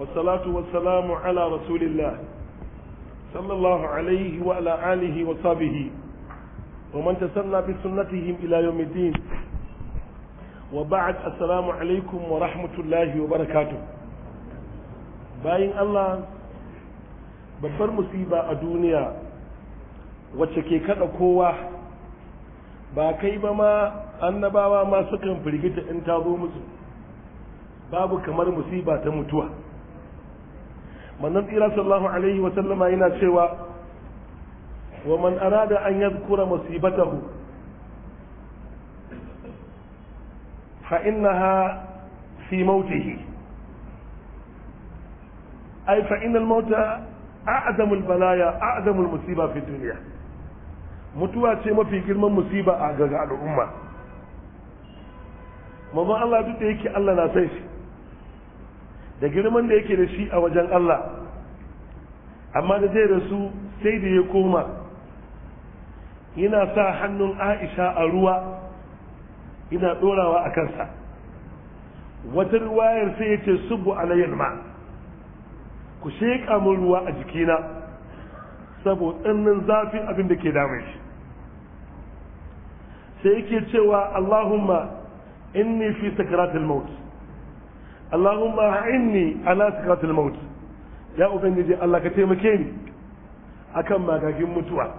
والصلاة والسلام على رسول الله صلى الله عليه وعلى آله وصحبه ومن تسنى بسنتهم إلى يوم الدين وبعد السلام عليكم ورحمة الله وبركاته باين الله babbar musiba a duniya wacce ke kada kowa ba kai ba ma annabawa ma sukan firgita in ta zo musu babu kamar musiba ta mutuwa manzon tsira sallallahu alaihi wa sallama yana cewa wa man arada an yadhkura musibatahu fa innaha fi mautihi ay fa inna al-mauta a'zamu al-balaya a'zamu al-musiba fi dunya mutuwa ce mafi girman musiba a ga al'umma manzon Allah duk da yake Allah na sai shi da girman da yake da shi a wajen Allah amma da zai rasu sai da ya koma yana sa hannun aisha a ruwa yana ɗorawa a kansa wata ruwayar sai ya ce subu alayyar ma ku sheƙa min ruwa a jikina saboda tsannin zafin abin da ke damar shi sai yake cewa allahumma inni fi sakaratul maut Allahumma a'inni ala sakatul maut ya ubangiji Allah ka taimake ni akan magagin mutuwa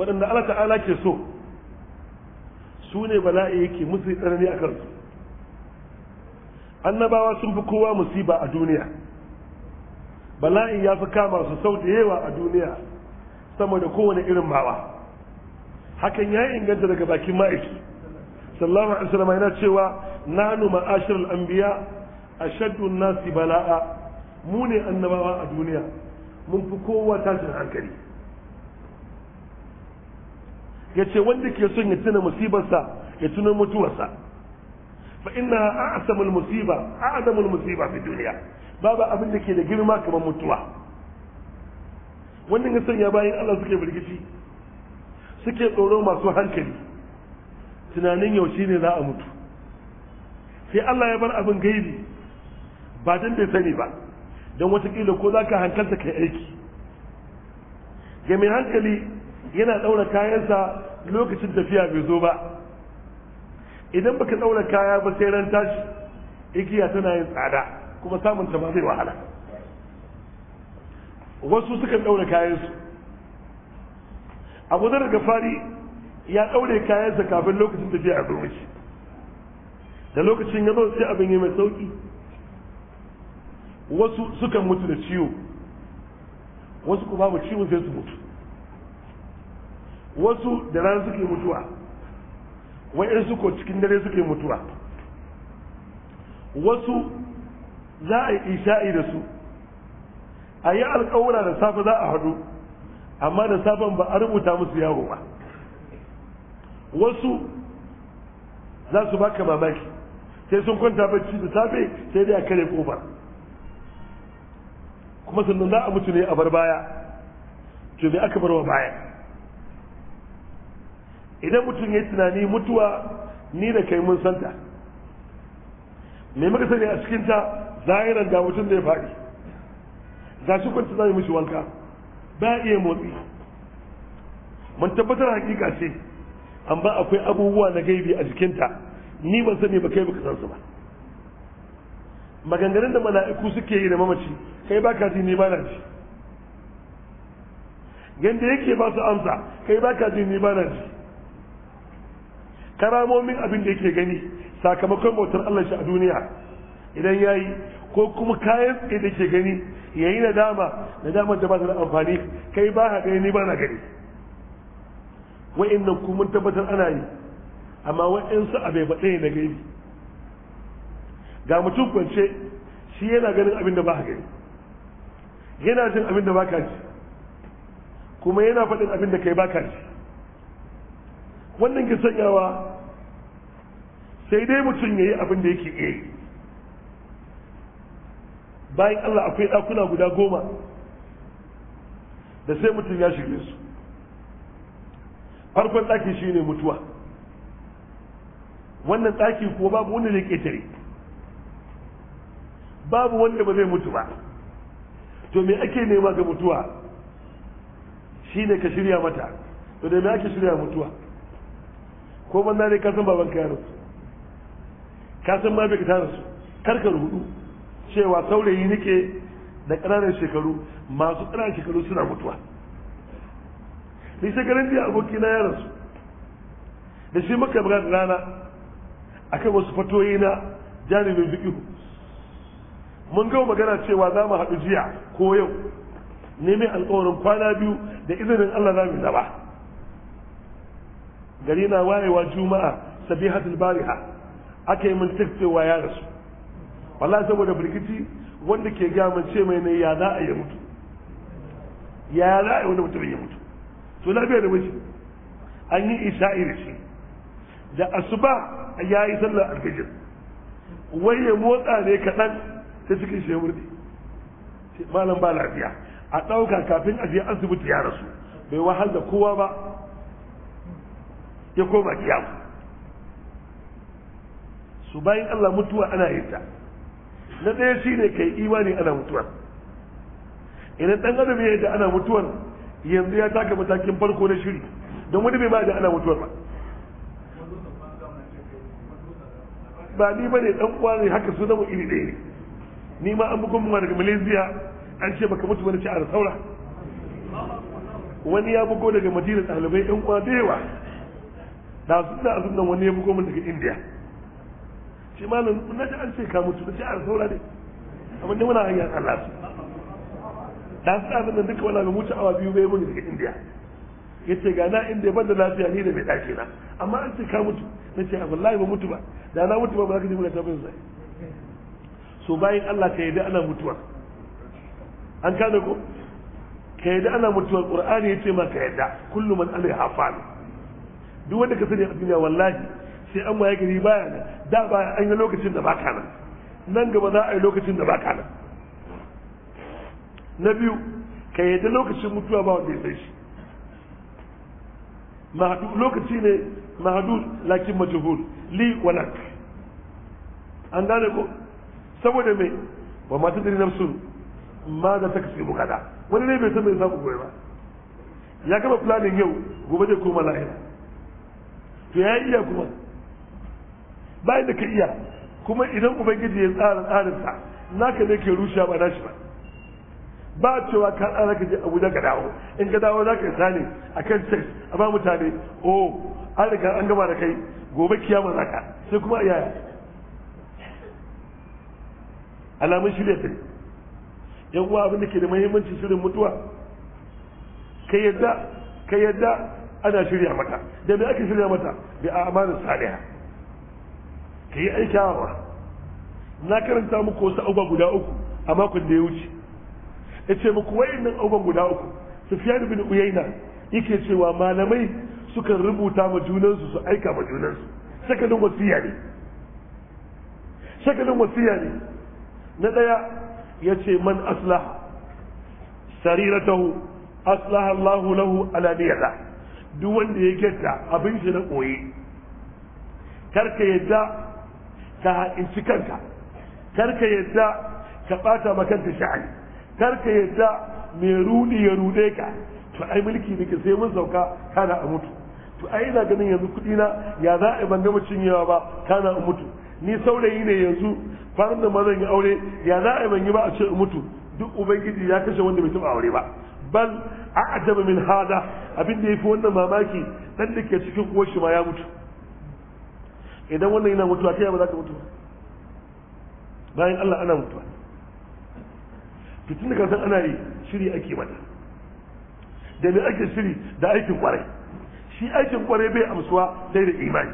waɗanda Allah ta'ala ke so su ne bala'i yake musu tsanani a kansu annabawa sun fi kowa musiba a duniya bala'i ya fi kama su sau da yawa a duniya sama da kowane irin mawa hakan ya inganta daga bakin ma'aiki sallallahu alaihi wasallam yana cewa ma'ashir biya a ashaddu nasi bala'a mu ne annabawa a duniya mun fi kowa tashin hankali ya ce wanda ke son ya tuna musibarsa ya tuna mutuwarsa fa inna a'samul musiba a'zamul musiba fi duniya babu abin da ke da girma kamar mutuwa wannan ya sanya bayan Allah suke birgici suke tsoro masu hankali tunanin yaushe ne za a mutu sai Allah ya bar abin gaibi ba don bai sani ba don watakila ko za ka hankalta kai aiki ga hankali yana ɗaura kayansa lokacin tafiya bai zo ba idan baka ɗaura kaya ba sai ran tashi igiya tana yin tsada kuma samun ta ba zai wahala wasu sukan ɗaura kayansu abu da daga fari ya ɗaure kayansa kafin lokacin tafiya a zo da lokacin ya zo sai abin yi mai sauƙi wasu sukan mutu da ciwo wasu ku babu ciwo sai su mutu wasu da rana suke mutuwa wai su ko cikin dare suke mutuwa wasu za a yi isha'i da su a yi alkawura da safe za a haɗu amma da safen ba a rubuta musu yawo ba wasu za su baka mamaki sai sun kwanta bacci da safe sai dai a kare kofar kuma sannan za a mutu ne a bar baya to bai aka bar wa baya idan mutum ya yi tunani mutuwa ni da kai mun santa me muka sani a cikin ta zahiran ga mutum da ya faɗi ga shi kwanta za yi mishi wanka ba iya motsi mun tabbatar hakika ce amma akwai abubuwa na gaibi a jikinta ni ban sani ba kai baka san su ba maganganun da mala'iku suke yi da mamaci kai baka ji ni ba ji yanda yake ba su amsa kai baka ji ni ba ji karamomin abin da yake gani sakamakon bautar Allah shi a duniya idan yayi ko kuma kayan da ke gani yayi na nadama da ba ta da amfani kai ba ka gani ni ba na gani wa'annan kuma tabbatar ana yi amma wa'insu abai ba ɗaya na gaibi ga mutum kwance shi yana ganin abin da ba a gani yana jin abin da ba ka ji kuma yana faɗin abin da kai ba ka ji wannan ke sanyawa sai dai mutum ya yi abin da yake iya bayan allah akwai ɗakuna guda goma da sai mutum ya shige su farkon ɗaki shine mutuwa wannan tsaki kuwa babu wanda zai ƙetare babu wanda ba zai mutu ba to me ake nema ga mutuwa shi ne ka shirya mata to da me ake shirya mutuwa ko banza ne ka san baban ka rasu ka san ma bai ka rasu karkar hudu cewa saurayi nake da ƙananan shekaru masu ƙananan shekaru suna mutuwa ni shekarun jiya abokina ya rasu da shi muka maka rana akan wasu fatoyi na jami'in fikihu mun gama magana cewa za mu haɗu jiya ko yau neme alƙawarin kwana biyu da izinin Allah za mu zaba gari na wayewa juma'a sabihatul bariha aka yi min cewa ya rasu wallahi saboda birkici wanda ke gaman ce mai ne ya za a yi mutu ya za a yi wanda mutum ya mutu to lafiya da miji an yi isha'i da shi da asuba ya yi sallar alfajir wai ya motsa ne kaɗan ta cikin shi malam ba lafiya a ɗauka kafin a je asibiti ya rasu bai wahal da kowa ba ya koma kiya su bayan Allah mutuwa ana yin ta na ɗaya shi ne kai imani ana mutuwa idan ɗan adam ya da ana mutuwar yanzu ya taka matakin farko na shiri don wani bai ba da ana mutuwa ba ba ni ba ne dan uwa ne haka su zama iri ɗaya ne ni ma an bugun daga malaysia an ce baka mutu wani sha'ar saura wani ya bugo daga madina ɗalibai yan uwa da yawa da su da azum nan wani ya bugo min daga india shi malam na ji an ce ka mutu da sha'ar saura ne amma ni muna hanyar allah su da su da nan duka wani ga mutu awa biyu bai mun daga india ya ce ga na inda ban da lafiya ni da mai ɗaki na amma an ce ka mutu na ce wallahi ba mutu ba da na mutu ba ba za ka ji muna tabin sai so bayan Allah ka yadda ana mutuwa an kana ko ka yadda ana mutuwa qur'ani yace ma ka yadda kullu man alaiha fan duk wanda ka sani a duniya wallahi sai an waye gari baya nan da ba an yi lokacin da baka nan nan gaba za a yi lokacin da baka nan na biyu ka yadda lokacin mutuwa ba wanda ya sai shi lokaci ne mahadud lakin majhul li walak an gane ko saboda me wa ma tadri nafsu ma da ta kasibu kada wani ne bai san me zaku gobe ba ya kama planning yau gobe zai koma lahira to ya iya kuma bayan da ka iya kuma idan ubangiji ya tsara tsarinsa naka ne ke rushe ba shi ba ba cewa ka tsara ka je abuja ka dawo in ka dawo za ka sani a kan sex a ba mutane oh an riga an gama da kai gobe kiyama za ka sai kuma yaya alamun shirya ta yan uwa abin da ke da muhimmanci shirin mutuwa ka yadda ka yadda ana shirya mata da me ake shirya mata bi amanar Saniya ka yi aikawa na karanta muku wasu abubuwa guda uku a makon da ya wuce ya ce muku wayannan abubuwan guda uku da bin uyaina yake cewa malamai suka rubuta ma junansu su aika ma junansu shakalin wasiya ne shakalin wasiya ne na daya ya ce man sarira sariratahu aslaha Allahu lahu alaniyata duk wanda ya gyatta abin shi na koyi karka yadda ka ha'inci kanka karka yadda ka bata ma kanta sha'ani kar ka yadda mai rudi ya rude ka to ai mulki nake sai mun sauka kana a mutu to ai ina ganin yanzu kudi na ya za a ban gama cinyewa ba kana a mutu ni saurayi ne yanzu farin da mazan ya aure ya za a ban yi ba a ce a mutu duk ubangiji ya kashe wanda bai taɓa aure ba bal a'jaba min hada abin da yafi wannan mamaki dan da ke cikin uwar shi ma ya mutu idan wannan yana mutuwa kai ba za ka mutu bayan Allah ana mutuwa Duk tun ka san ana yi shiri ake mata da me ake shiri da aikin kwarai shi aikin kwarai bai amsuwa sai da imani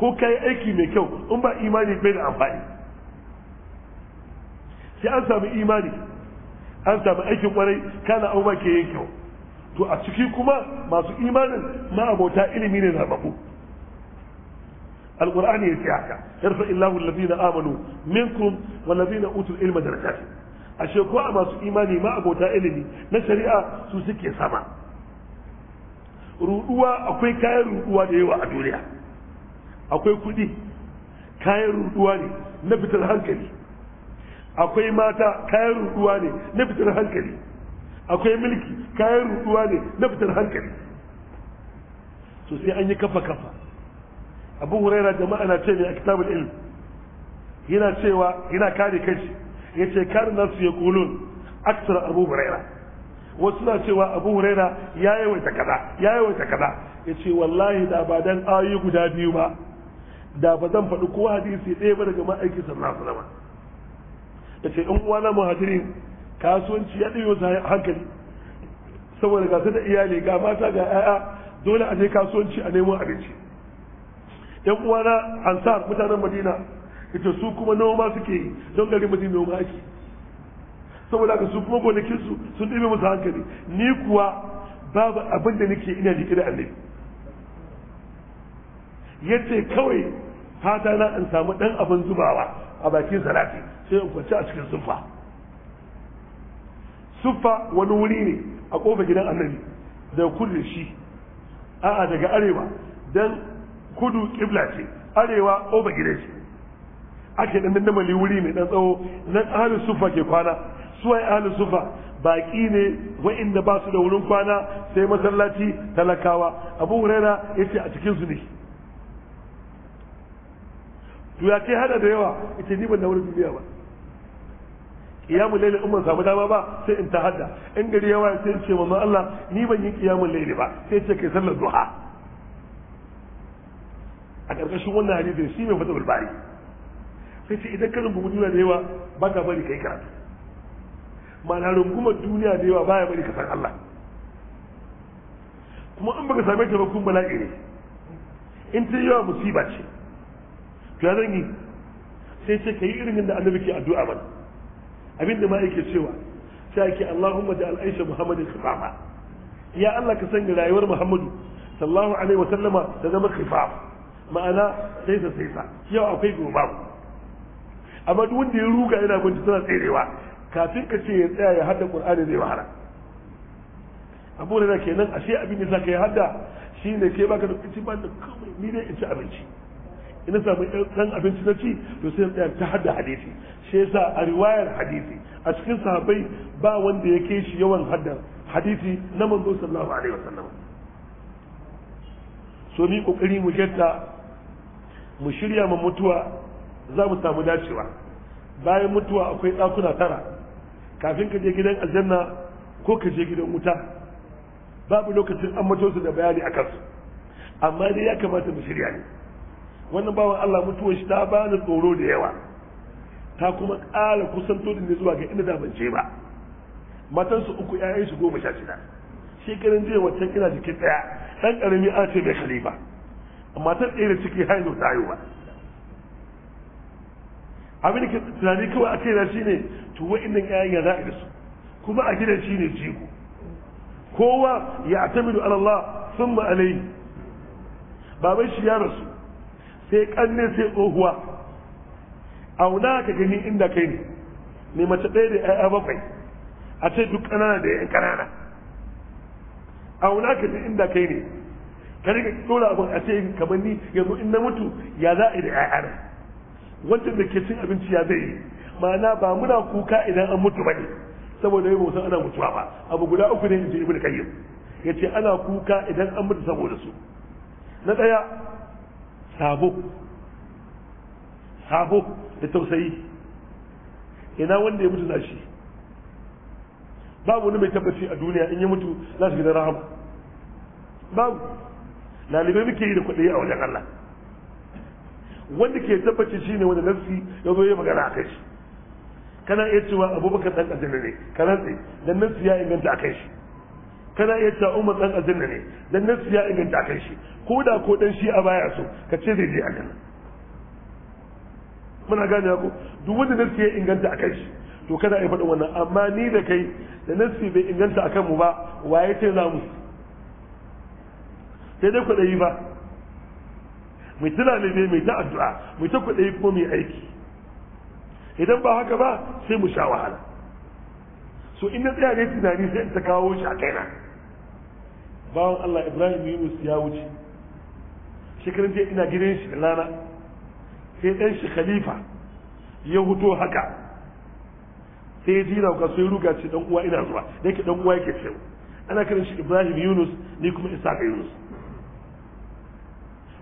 ko ka aiki mai kyau in ba imani bai da amfani sai an samu imani an samu aikin kwarai kana auma ke yin kyau to a ciki kuma masu imanin ma'abota ilimi ne zababu القرآن يسيحك يرفع الله الذين آمنوا منكم والذين أوتوا العلم درجاتهم ashe ko a masu imani ma abota ilimi na shari'a su suke sama ruduwa akwai kayan ruduwa da yawa a duniya akwai kudi kayan ruduwa ne na fitar hankali akwai mata kayan ruduwa ne na fitar hankali akwai mulki kayan ruduwa ne na fitar hankali so sai an yi kafa kafa abu huraira jama'a na ce ne a kitabul ilm yana cewa yana kare kanshi yace kar na ya kulun aksar abu huraira wasu na cewa abu huraira ya yawaita kaza ya yawaita kaza yace wallahi da ba dan ayoyi guda biyu ba da ba zan faɗi ko hadisi ɗaya ba daga ma'aiki sallallahu alaihi wasallam yace in uwana muhajirin kasuwanci ya ɗiyo hankali saboda ga da iyali ga mata ga 'ya'ya dole a je kasuwanci a nemo abinci yan uwana ansar mutanen madina ita su kuma noma suke yi don gari mutum noma ake saboda haka su kuma gonakin su sun ɗibe musu hankali ni kuwa babu abin da nake ina jiki da annabi yace kawai fata na in samu dan abin zubawa a bakin salati sai in kwanci a cikin sufa sufa wani wuri ne a kofa gidan annabi da kudu shi a'a daga arewa dan kudu kibla ce arewa kofa gidan shi ake dan mali wuri mai dan tsawo nan ahli sufa ke kwana su ai ahli sufa baki ne wa'inda ba su da wurin kwana sai masallaci talakawa abu huraira yace a cikin su ne to ya hada da yawa yace ni ban da wurin duniya ba qiyamul layl umman samu dama ba sai in ta hadda in gari yawa sai ce manzo Allah ni ban yi qiyamul layl ba sai ce kai sallar duha a ƙarƙashin wannan hadisi shi mai fatawul bari sai ce idan karin rungumi duniya da yawa ba ka bari ka yi karatu ma'ana rungumar duniya da yawa baya bari ka san Allah kuma in baka same ta bakun bala'i ne in ta yawa musiba ce to ya zan yi sai ce ka yi irin yadda annabi ke addu'a mana abinda ma yake cewa sai ake Allahumma da al'aisha Muhammadin khifafa ya Allah ka sanya rayuwar Muhammadu sallallahu alaihi wa sallama ta zama khifaf ma'ana sai saisa sai sa yau akwai gobe amma duk wanda ya ruga yana gunci tana tserewa kafin ka ce ya tsaya ya hadda qur'ani zai wahala abu ne kenan ashe abin da zaka yi hadda shine ke baka da ci ban da ni dai in ci abinci ina samu dan abinci na ci to sai tsaya ta hadda hadisi shi yasa a riwayar hadisi a cikin sahabbai ba wanda yake shi yawan hadda hadisi na manzo sallallahu alaihi wasallam so ni kokari mu jetta mu shirya ma mutuwa za mu samu dacewa bayan mutuwa akwai ɗakuna tara kafin ka je gidan aljanna ko ka je gidan wuta babu lokacin an mato su da bayani a kansu amma dai ya kamata mu shirya ne wannan bawan Allah mutuwar shi ta bani tsoro da yawa ta kuma ƙara kusanto da zuwa ga inda da ban je ba matansu uku ƴaƴan su goma sha shida shekarun jiya wancan ina jikin ɗaya ɗan ƙarami an ce mai khalifa amma ɗaya da ciki haihu ta haihuwa abin da ke tunani kawai a kaina shine to wa'annan ƴaƴan ya za a su kuma a gidan shine jiko kowa ya atamidu ala Allah thumma alayhi baban shi ya rasu sai kanne sai tsohuwa auna ka gani inda kai ne ne mace ɗaya da ƴaƴa bakwai a ce duk ƙanana da ƴan ƙanana auna ka ji inda kai ne ka ɗora abin a ce kamar ni yanzu in na mutu ya za'a da yi da wanda da ke cin abinci ya zai yi ma'ana ba muna kuka idan an mutu bane saboda yau motsa ana mutuwa ba abu guda uku ne inji ibn ibnu ya yace ana kuka idan an mutu saboda su na daya sabo sabo da tausayi ina wanda ya mutu zashi babu wani mai tabbaci a duniya in ya mutu za su gidan rahama babu lalibai muke yi da kuɗi a wajen Allah wanda ke tabbaci ne wanda nafsi ya zo ya magana a kai shi kana iya cewa abubakar dan aljanna ne kana tsaye dan nafsi ya inganta a kai shi kana iya cewa umar dan aljanna ne dan nafsi ya inganta a kai shi ko da ko dan shi a baya so ka ce zai je aljanna muna gane ko duk wanda nafsi ya inganta a kai shi to kana iya faɗin wannan amma ni da kai da nafsi bai inganta akan mu ba waye ce za mu sai dai yi ba mai ta ne mai ta addu'a mai ta kuɗe kuma mai aiki idan ba haka ba sai mu sha wahala so in na tsaya ne tunani sai in ta kawo shi a kaina bawan Allah Ibrahim Yunus ya wuce shekarun jiya ina gidan shi da rana sai ɗan shi khalifa ya huto haka sai ya ji ka sai ruga ce dan uwa ina zuwa da yake dan uwa yake cewa ana kiran shi Ibrahim Yunus ni kuma Isa Yunus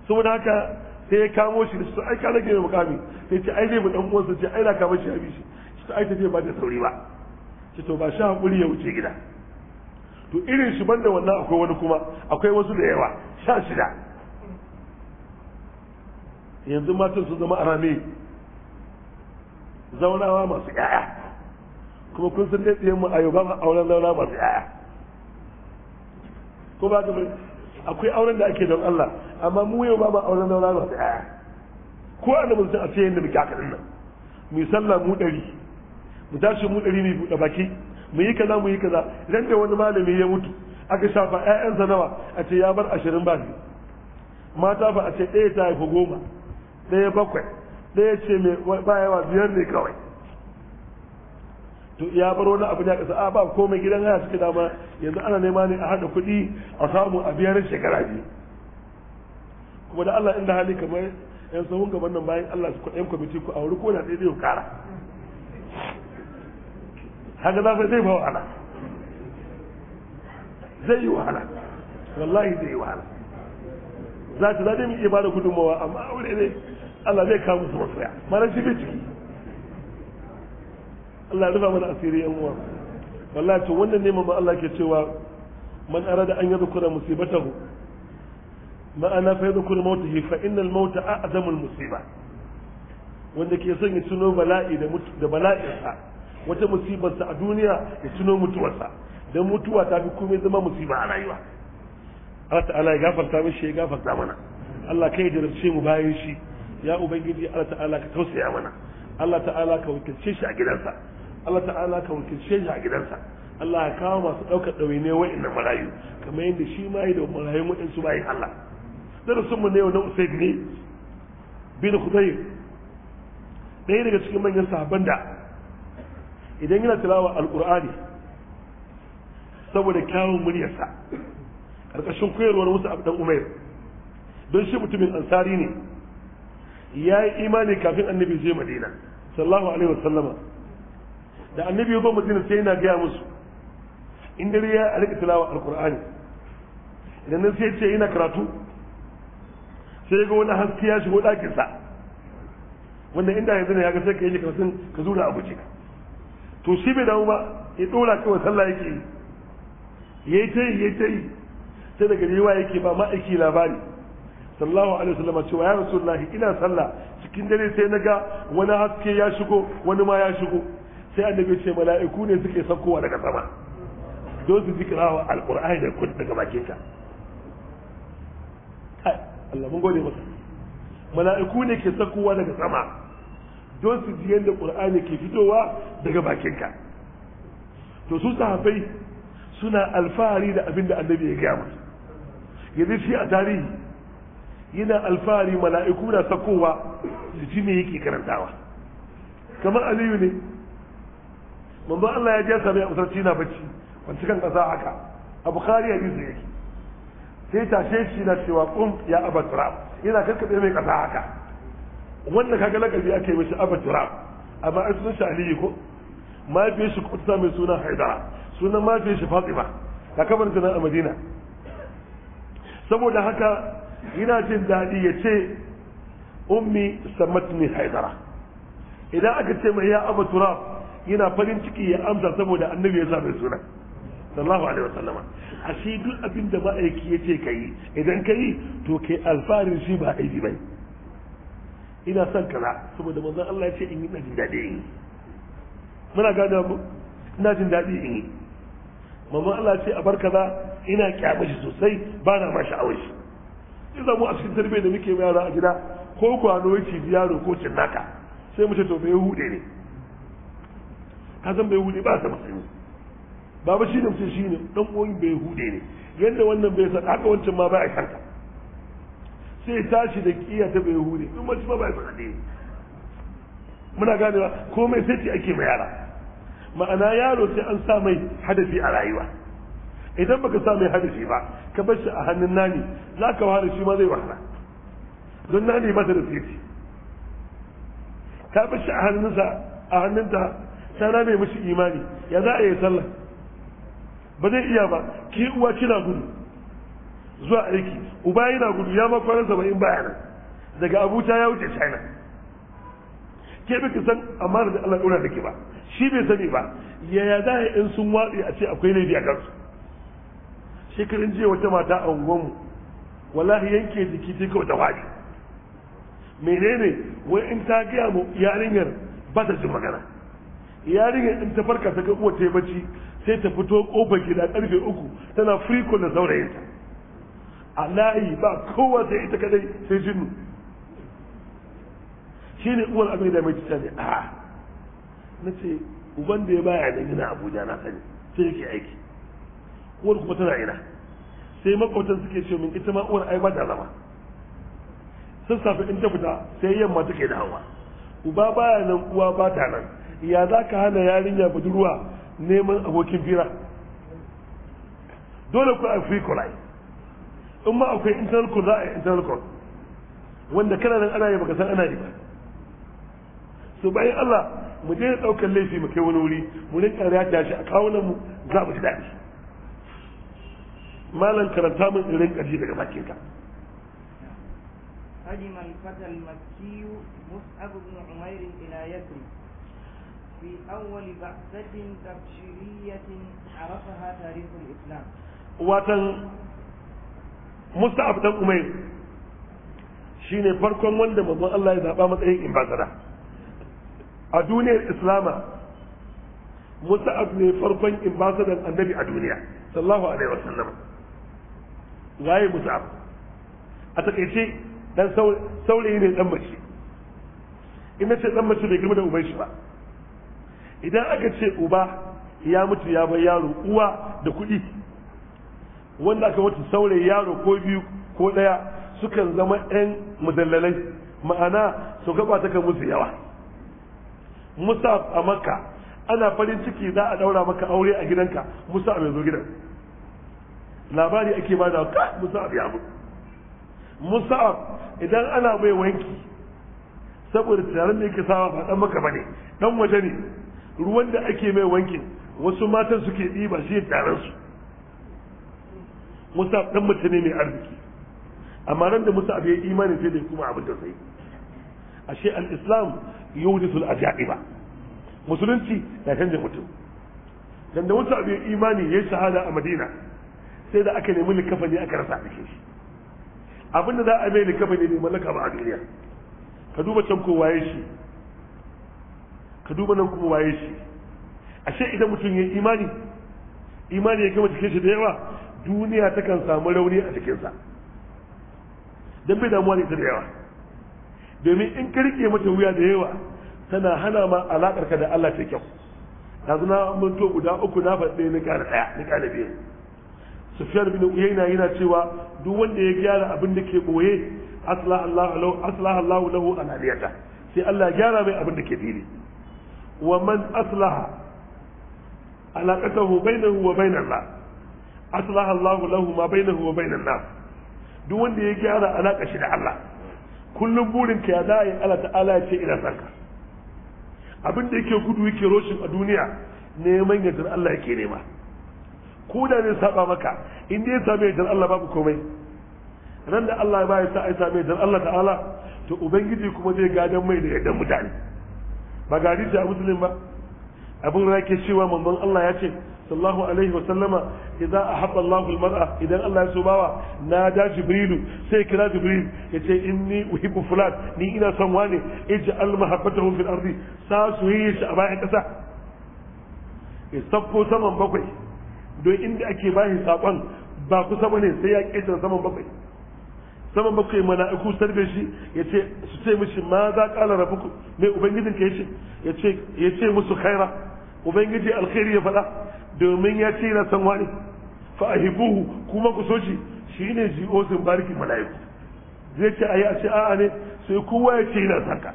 saboda haka sai ya kamo shi da su Aika ka rage mukami sai ce ai zai mu dan uwansa ce ai na shi abi shi shi Aita tafiya ba ta sauri ba ce to ba shi hakuri ya wuce gida to irin shi banda wannan akwai wani kuma akwai wasu da yawa sha shida yanzu matan sun zama arame zaunawa masu yaya kuma kun san dai mu a yau auren zauna masu yaya ko ba akwai auren da ake don Allah amma mu yau ba ba auren zaura ba ta yaya ko annabin sun a ce yadda muke haka nan mu yi sallah mu ɗari mu tashi mu ɗari mu buɗe baki mu yi kaza mu yi kaza ran da wani malami ya mutu aka shafa ƴaƴansa nawa a ce ya bar ashirin ba mata fa a ce ɗaya ta haifa goma ɗaya bakwai ɗaya ce mai bayawa biyar ne kawai to ya bar wani abu da kasa a ba komai gidan haya suke dama yanzu ana nema ne a haɗa kuɗi a samu a biyar shekara biyu kuma da Allah inda hali kamar yan sahun gaban nan bayan Allah su yan kwamiti ku a wuri ko da ɗaya zai kara haka za su zai ba wahala zai yi wahala wallahi zai yi wahala za ta zaɗe mu iya ba da gudunmawa amma a wuri ne Allah zai kawo musu masoya mara shi bai ciki Allah rufa mana asiri yan uwa wallahi to wannan neman ba Allah ke cewa man arada an yadda yadhkura musibatahu ma'ana fa yadhkuru mautahi fa innal mauta a'zamul musiba wanda ke son ya tuno bala'i da da bala'insa wata musibarsa a duniya ya tuno mutuwarsa dan mutuwa ta fi komai zama musiba a rayuwa Allah ta'ala ya gafarta mishi ya gafarta mana Allah kai jarabce mu bayan shi ya ubangiji Allah ta'ala ka tausaya mana Allah ta'ala ka wakilce shi a gidansa Allah ta'ala ka wakilce shi a gidansa Allah ya kawo masu ɗaukar ɗawainiyar wa'in nan marayu kamar yadda shi ma yi da marayu waɗansu su bayan Allah darasin mu ne yau na usaid ne bin kudai. ɗaya daga cikin manyan sahabban da idan yana tilawa al'ur'ani saboda kyawun muryarsa ƙarƙashin koyarwar musu abdan umair don shi mutumin ansari ne ya yi imani kafin annabi zai madina Sallahu alaihi wasallama da annabi ya zo madina sai yana gaya musu in dare ya rika tilawa al'ur'ani idan nan sai ce yana karatu sai ga wani haske ya shigo ɗakin sa wanda inda yanzu ne ya ga sai ka yi ka sun ka zura a guje to shi bai damu ba ya dora kawai sallah yake yi ya yi ta yi ya yi ta yi sai daga riwa yake ba ma'aiki labari sallallahu alaihi wasallam cewa ya rasulullahi ina sallah cikin dare sai na ga wani haske ya shigo wani ma ya shigo sai annabi ce mala'iku ne suke saukowa daga sama don su zikira wa alqur'ani da kudi daga bakin Allah mun gode masa mala'iku ne ke sakowa daga sama don su ji yadda qur'ani ke fitowa daga bakin ka to su sahabbai suna alfahari da abin da annabi ya gaya musu yanzu shi a tarihi yana alfahari mala'iku na sakowa su ji me yake karantawa kamar aliyu ne manzo Allah ya ji sa a musarci na bacci kwanci kan kasa haka a bukhari hadisi yake sai tashe shi na cewa kum ya aba turab yana karkaɗe mai ƙasa haka wanda kaga lakabi ake mishi aba turab amma a sunan shi aliyu ko mahaifiyar shi kuta mai suna haidara sunan mahaifiyar shi fatima ta kamar sunan a madina saboda haka yana jin daɗi ya ce ummi samatni haidara idan aka ce mai ya aba turab yana farin ciki ya amsa saboda annabi ya sa mai suna sallallahu alaihi wasallama shi duk abin da ma'aiki ya ce kai idan kai to kai alfarin shi ba aiki bai ina son kaza saboda manzo Allah ya ce in yi na jin daɗi in yi muna gane ku ina jin daɗi in yi manzon Allah ya ce a bar kaza ina kyamar shi sosai ba na ma sha'awar in zamu mu a cikin tarbiyyar da muke yara a gida ko kwano ya ci yaro ko cinnaka sai mu ce to bai hude ne ka zan bai hude ba ta matsayi baba shi shine mutum ne dan uwan bai hude ne yadda wannan bai san haka wancan ma a kanka sai tashi da kiya ta bai hude in mace ma baya san addini muna ganewa komai sai ce ake ma yara ma'ana yaro sai an sa mai hadafi a rayuwa idan baka sa mai hadafi ba ka bar shi a hannun nani za ka wahala shi ma zai wahala don nani ba ta da titi ka bar shi a hannunsa a hannunta ta mai mishi imani ya za a yi sallah ba zai iya ba ki uwa kina gudu zuwa aiki uba yana gudu ya ma kwanan saba'in baya daga abuja ya wuce china ke baki san amma da allah dora da ke ba shi bai sani ba yaya za a in sun watsi a ce akwai laifi a kansu shekarun jiya wata mata a unguwanmu wallahi yanke jiki ta kawai ta waje menene wai in ta gaya mu yarinyar ba ta ji magana yarinyar in ta farka ta ga uwa ta yi bacci sai ta fito kofar gida karfe uku tana friko da saurayinta a layi ba kowa sai ita kadai sai jinnu shi ne uwar abin da mai cita ne a na ce uban da ya baya da gina abuja na sani sai yake aiki uwar kuma tana ina sai makwabtan suke ce min ita ma uwar ai ba ta zama safi in ta fita sai yamma take hawa. uba baya nan uwa ba ta nan ya za ka hana yarinya budurwa neman abokin fira dole ku a free call in ma akwai internal call za a yi internal call wanda kana nan ana yi baka san ana yi ba so bayan Allah mu daina daukar laifi mu kai wani wuri mu rinka rata shi a kawunan mu za mu ji daɗi malam karanta mun irin ƙarshe daga bakin ka قدم الفتى المكي مصعب بن عمير ila yasri في أول بعثة تبشيرية عرفها تاريخ الإسلام بن أمير shine farkon wanda manzon Allah ya zaba matsayin ambassador a duniyar islama ne farkon ambassador annabi a duniya sallallahu alaihi wasallam waye musa'ab a takaice dan saurayi ne dan mace in ce dan mace bai girma da uban ba idan aka ce uba ya mutu ya bar yaro uwa da kuɗi wanda aka mutu saurayi yaro ko biyu ko ɗaya sukan zama 'yan mudallalai ma'ana su gaba ta musu yawa musa a makka ana farin ciki za a ɗaura maka aure a gidanka musa a zo gidan labari ake ba da ka musa ya biya musa idan ana mai wanki saboda tunanin da yake sawa ba dan maka bane dan waje ne ruwan da ake mai wankin wasu matan suke ɗiba shi taron su musa dan mutane mai arziki amma ran da musa abu ya imani sai da kuma abin da sai ashe al-islam yuhdisu al-ajaiba musulunci na canza mutum dan da musa abu ya imani ya shahada a madina sai da aka nemi likafa ne aka rasa dake shi abinda za a mai likafa ne ne mallaka ba a duniya ka duba can ko waye shi ka duba nan kuma waye shi ashe idan mutum ya imani imani ya gama cikin shi da yawa duniya takan samu rauni a cikinsa don bai damuwa da da yawa domin in ka mata wuya da yawa tana hana ma alakar ka da Allah ta kyau yanzu na manto guda uku na faɗi na ƙara ɗaya na ƙara biyu sufiyar bin uyayna yana cewa duk wanda ya gyara abin da ke boye aslah Allah lahu an sai Allah gyara mai abin da ke fili wa man aslaha alaqatahu bainahu wa bain Allah aslaha Allah lahu ma bainahu wa bain nas duk wanda ya gyara alaka shi da Allah kullum burin ka ya dai ala ta'ala ya ce ina sanka abin da yake gudu yake roshin a duniya neman yardar Allah yake nema ko da zai maka in dai ya same yardar Allah babu komai nan da Allah ya ba ya sa ai same yardar Allah ta'ala to ubangiji kuma zai gadan mai da yardan mutane ba ga hadisi a ba abin da ke cewa manzon Allah ya ce sallallahu alaihi wa sallama idan ahabba Allahu al-mar'a idan Allah ya so bawa na da jibrilu sai kira jibril yace inni uhibbu fulan ni ina son wani ij'al mahabbatahu fil ardi sa su yi shi a bayan kasa ya sako saman bakwai don inda ake bayan saƙon ba kusa ba ne sai ya ƙetare saman bakwai sama bakwai mala'iku sarbe shi yace su ce mishi ma za kala rabbukum me ubangijin ka yace yace yace musu khaira ubangiji alkhairi ya faɗa domin ya ce na san wani fa ahibuhu kuma ku so shi ji ji'osin bariki mala'iku zai ce ayi a ce a'a ne sai kowa ya ce yana san ka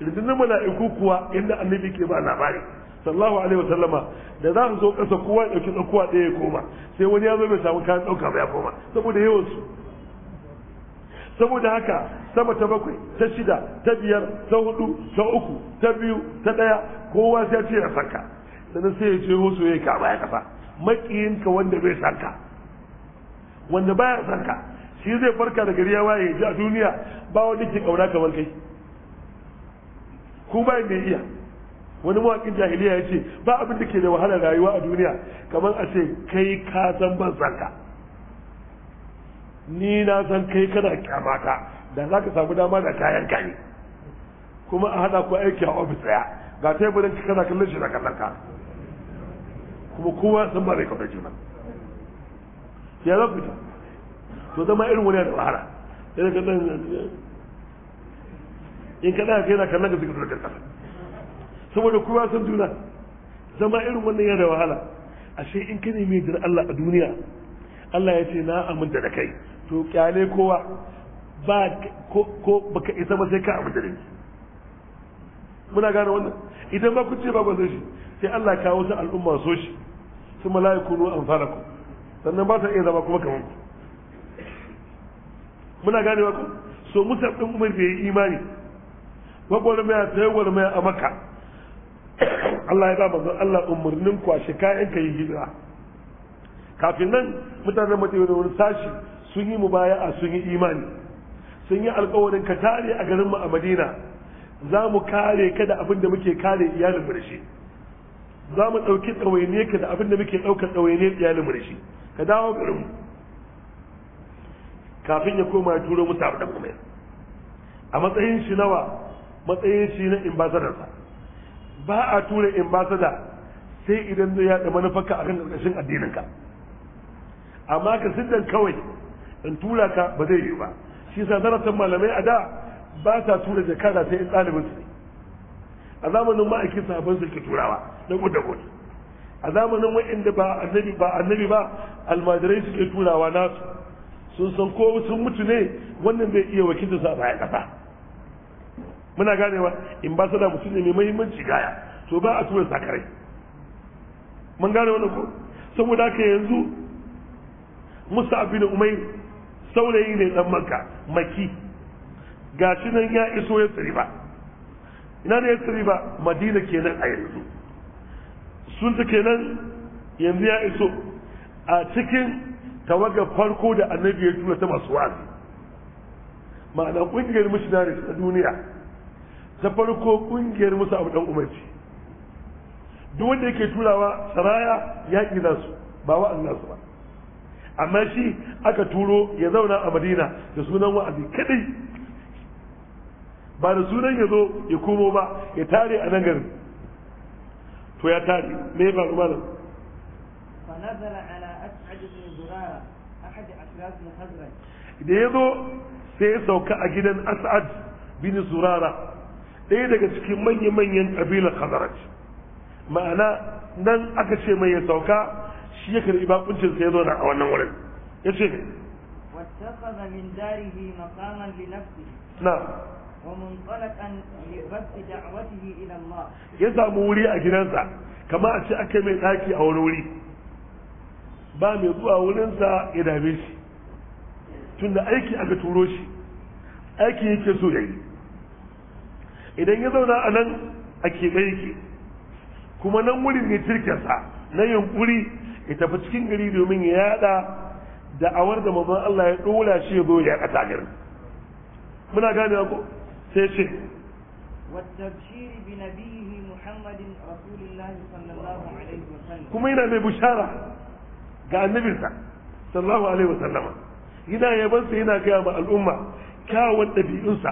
rundunar mala'iku kuwa inda annabi ke ba labari sallallahu alaihi wasallama da za su zo kasa kowa ya ɗauki ɗaukuwa ɗaya ya koma sai wani ya zo bai samu kayan ɗauka ba ya koma saboda yawan su saboda haka sama ta bakwai ta shida ta biyar ta hudu ta uku ta biyu ta daya kowa sai ce ya sanka sannan sai ya ce wasu ya kama ya kasa makiyinka wanda bai sanka wanda baya sanka shi zai farka da gari ya waye ji a duniya ba wanda ke kauna kamar kai ko ba mai iya wani mawaƙin jahiliya ya ce ba abin da ke da wahalar rayuwa a duniya kamar a ce kai ka san ban sarka. ni na san kai kana kyamata da za ka samu dama da kayan ka kuma a hada ku aiki a ofis daya ga teburin ki kana kallon shi da kallon ka kuma kowa san ba zai kafa juna ya za ku ta to zama irin wani da wahala irin ka in ka daga kai na kallon ka da zurga kasa saboda kowa san juna zama irin wannan yana da wahala ashe in ka nemi jira Allah a duniya Allah ya ce na aminta da kai to kyale kowa ba ko baka isa ba sai ka abu da rinki muna gane wannan idan ba ku ce ba gwanzo shi sai Allah ya kawo ta al'umma so shi su mala'iku nu ku sannan ba ta iya zama kuma kamar ku muna gane wa ku so musa din umar bai imani gwagwar mai ta gwagwar mai a maka Allah ya ba manzon Allah umarnin kwashe kayan ka yi hijira kafin nan mutanen mutane wani sashi sun yi mubaya'a sun yi imani sun yi alkawarin ka tare a garinmu a madina za mu kare ka da abin da muke kare iyalin mu da shi za mu ɗauki ɗawainiyar ka da abin da muke ɗauka ɗawainiyar iyalin mu da shi ka dawo mu kafin ya koma ya turo musu abin kuma a matsayin shi nawa matsayin shi na ambassador ba a tura ambassador sai idan zai yaɗa manufarka a kan ƙarƙashin addininka amma ka siddan kawai in tura ka ba zai yi ba shi sa zaratan malamai a da ba ta tura jakada sai in ɗalibin su a zamanin ma'aikin sabon su ke turawa na gudu gudu a zamanin wa'inda ba annabi ba annabi ba almajirai suke turawa nasu sun san ko sun mutu ne wannan bai iya wakilta sa baya kasa muna ganewa in ba sada mutum ne mai muhimmanci gaya to ba a tura sakarai mun gane wannan ko saboda haka yanzu musa abin umair saurayi ne dan maka maki gashi nan ya iso ya tsiri ba ina ne ya tsiri ba madina kenan a yanzu sun ta kenan yanzu ya iso a cikin tawagar farko da annabi ya tura ta masu wa'azi ma'ana kungiyar missionaries ta duniya ta farko kungiyar musu abu dan umarci duk wanda yake turawa saraya ya nasu ba wa'azin nasu ba amma shi aka turo ya zauna a madina da sunan wa'azi kadai ba da sunan ya zo ya komo ba ya tare a nan garin to ya tare me ya faru malam da ya zo sai ya sauka a gidan as'ad bin zurara ɗaya daga cikin manya-manyan ƙabilar hazarat ma'ana nan aka ce mai ya sauka shi ya karbi bakuncin sai ya zo a wannan wurin yace ne wattakhadha min darihi maqaman li nafsihi Na. wa mun munqalaqan li rabb da'watihi ila Allah ya samu wuri a gidansa kamar a ce aka mai daki a wani wuri ba mai zuwa wurinsa ya dame shi tunda aiki aka turo shi aiki yake so yayi idan ya zauna a nan a keɓe yake kuma nan wurin ne sa na yunkuri ya tafi cikin gari domin ya yada da'awar da manzon Allah ya dola shi ya zo ya kata gari muna gane ko sai ce والتبشير بنبيه محمد رسول الله صلى الله عليه وسلم Kuma yana mai بشاره ga annabinsa sallallahu alaihi wasallam yana yabansa yana gaya ma al'umma kyawun ɗabi'unsa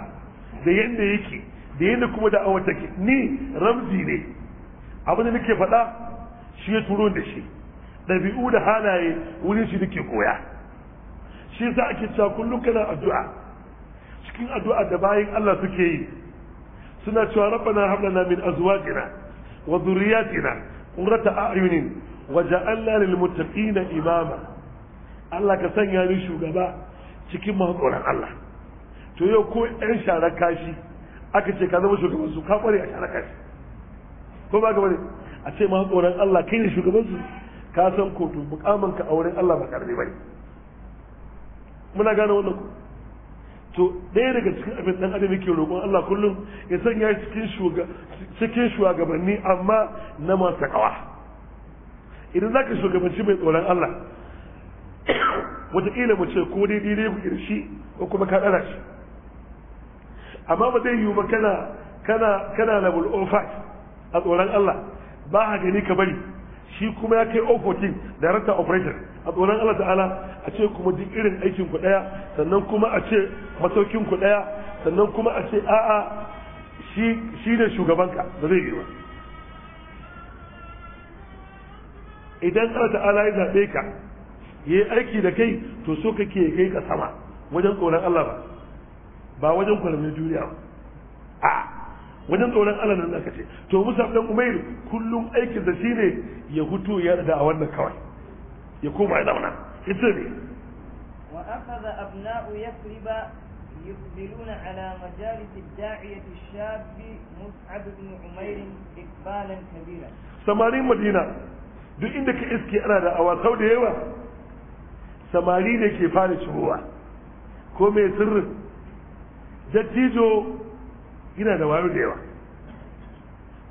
da yadda yake da yadda kuma da take ni ramzi ne abin da nake faɗa shi ya turo da shi ɗabi'u da halaye wurin shi nake koya shi yasa ake cewa kullum kana addu'a cikin addu'a da bayan Allah suke yi suna cewa rabbana hab lana min azwajina wa dhurriyyatina qurrata a'yunin waja'alna lil muttaqina imama Allah ka sanya ni shugaba cikin mahaƙoran Allah to yau ko ɗan shara kashi aka ce ka zama shugaban su ka kware a shara kashi ko ba ka bane a ce mahaƙoran Allah kai ne shugaban su ka san ko to mukamin ka auren Allah ba karbi bane muna gane wannan ku to ɗaya daga cikin abin dan adam yake roƙon Allah kullum ya sanya cikin shuga cikin shugabanni amma na masu takawa idan zaka shugabanci mai tsoron Allah wataƙila mu ce ko dai dai ku kirshi ko kuma ka ɗara shi amma ba zai yiwu ba kana kana kana labul oh a tsoron Allah ba ha gani ka bari shi kuma ya kai ofokin director operator a tsoron Allah ta'ala a ce kuma duk irin aikin ku daya sannan kuma a ce masaukin ku daya sannan kuma a ce a'a shi shi ne shugabanka ba zai girma ba idan Allah ta'ala ya zabe ka yayi aiki da kai to so kake kai ka sama wajen tsoron Allah ba ba wajen kwalamin duniya ba a'a wajen tsoron Allah nan zaka ce to Musa dan Umair kullum aikin da shine ya huto ya da a wannan kawai ya koma ya zauna ita ne wa akhadha abna'u yakriba yubiluna ala majalis da'iyati shabbi Mus'ab ibn Umair ikbalan kabira samari Madina duk inda ka iske ana da awasau da yawa samari ne ke fara shigowa ko me sirri dattijo yana da wayo da yawa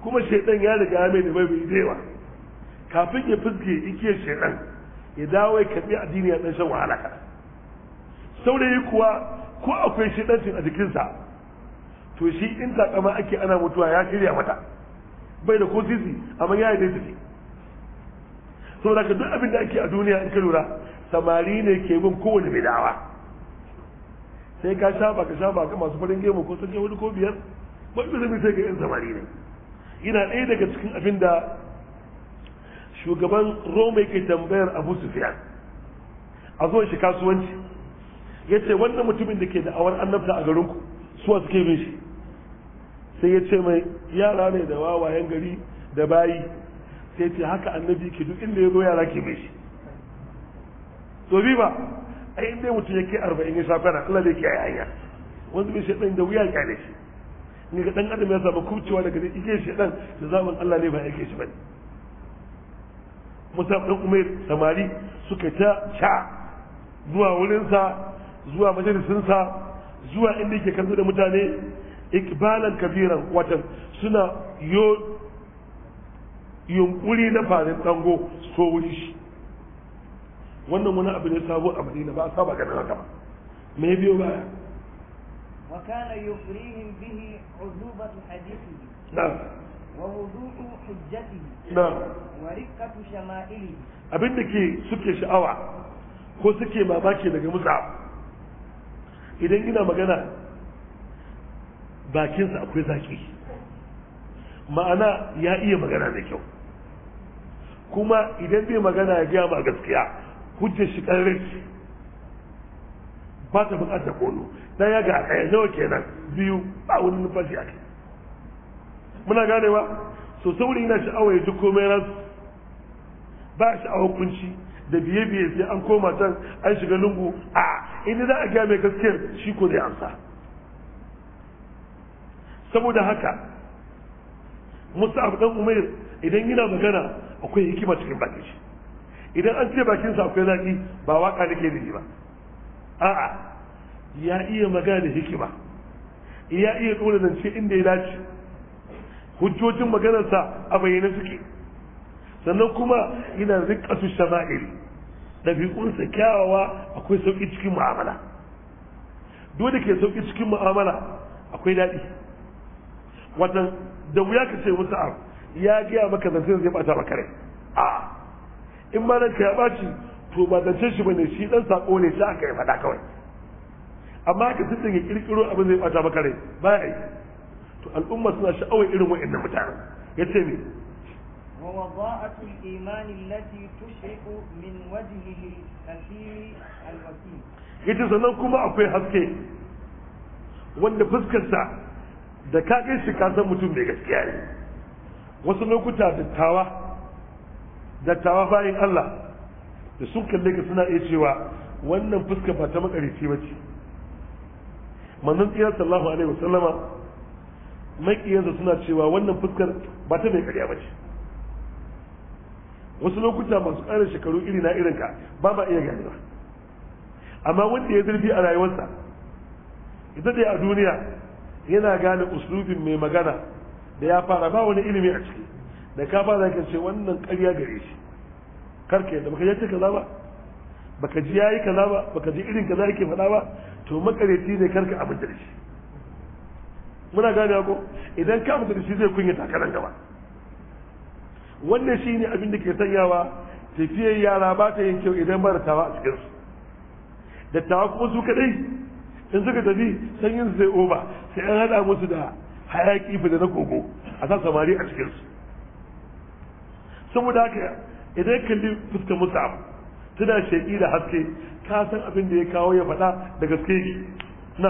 kuma shaidan ya riga mai da bai da yawa kafin ya fuske ikiyar shaidan ya dawo ya karbi addini ya dan shan wahala kada saurayi kuwa ko akwai shaidancin a jikinsa to shi in takama ake ana mutuwa ya shirya mata bai da ko sisi amma ya yi tafi saboda ka duk abin da ake a duniya in ka lura samari ne ke bin kowane bidawa sai ka shafa ka shafa ka masu farin gemu ko sun ko biyar ba ilimi sai ga yin samari ne ina ɗaya daga cikin abin da shugaban roma yake tambayar abu sufiyan a zuwan shi kasuwanci ya ce wannan mutumin da ke da awar annabta a garinku suwa suke bin shi sai ya ce mai yara ne da wawayen gari da bayi sai ce haka annabi ke duk inda ya zo yara ke bin shi to ba ai in dai mutum yake arba'in ya sha fara Allah zai kiyaye hanya wanda bai shaɗan da wuya kyale shi Ni ga ɗan adam ya samu kubcewa daga zai ike shaɗan da zaman Allah ne ba yake shi ba ne musa ɗan umar samari suka ta sha zuwa wurinsa zuwa majalisinsa zuwa inda yake kanzu da mutane ikbalan kabiran watan suna yo yunkuri na farin dango so wuri shi wannan wani abu ne sabo a madina ba a saba ganin haka ba me biyo baya bihi يفريهم hadithi na'am wa wudu'u hujjati na'am wa rikatu shama'ili abin da ke suke sha'awa ko suke mamaki daga musa, idan ina magana bakinsa akwai zaki ma'ana ya iya magana da kyau kuma idan bai magana ya gaya ma gaskiya hujjar shi ƙarfi ba ta buƙatar kono ɗaya ga ɗaya nawa kenan biyu ba wani numfashi a kai muna ganewa so saboda yana sha'awa ya ji komai ran ba sha'awar kunci da biye biye sai an koma can an shiga lungu a inda za a gaya mai gaskiyar shi ko zai amsa saboda haka musa abu dan umair idan yana magana akwai hikima cikin baki shi idan an ce bakin sa akwai zaki ba waka nake nufi ba a'a ya iya magana da hikima ya iya dole zance inda ya dace hujjojin maganarsa a bayyane suke sannan kuma ina yana su shama'il sa kyawawa akwai sauki cikin mu'amala dole ke sauƙi cikin mu'amala akwai daɗi wannan da wuya ka ce musu abu ya gaya maka zance zai bata maka rai a in ma ranka ya ɓaci to ba dace shi bane shi dan sako ne sai aka yi faɗa kawai amma ka tunda ya kirkiro abin zai bata maka rai ba ya yi to al'umma suna sha'awar irin wa'annan mutane ya ce me ووضاعة الإيمان yace sannan kuma akwai haske wanda fuskarsa da ka kai shi ka san mutum mai gaskiya ne wasu lokuta dattawa dattawa bayin Allah da sun kalle ka suna iya cewa wannan fuska ba ta makarici ba ce manzon tsira sallahu alaihi wasallama makiyansa suna cewa wannan fuskar ba ta mai karya ba ce wasu lokuta masu ƙara shekaru iri na irin ka ba ma iya ganewa amma wanda ya zurfi a rayuwarsa ita dai a duniya yana gane uslubin mai magana da ya fara ba wani ilimi a ciki da ka ba za ce wannan ƙarya gare shi karka yadda baka yace kaza ba baka ji yayi kaza ba baka ji irin kaza yake faɗa ba to makareci ne karka abin da shi muna gane ko idan ka abin da zai kunya takarar gaba wannan shi ne abin da ke sanyawa tafiyar yara ba ta yin kyau idan ba da tawa a cikin da tawa kuma su kadai in suka tafi sanyin su zai oba sai an haɗa musu da hayaki da na koko a sa samari a cikinsu. saboda haka idan kalli fuskar abu tana sheƙi da haske ka san abin da ya kawo ya faɗa da gaske ne na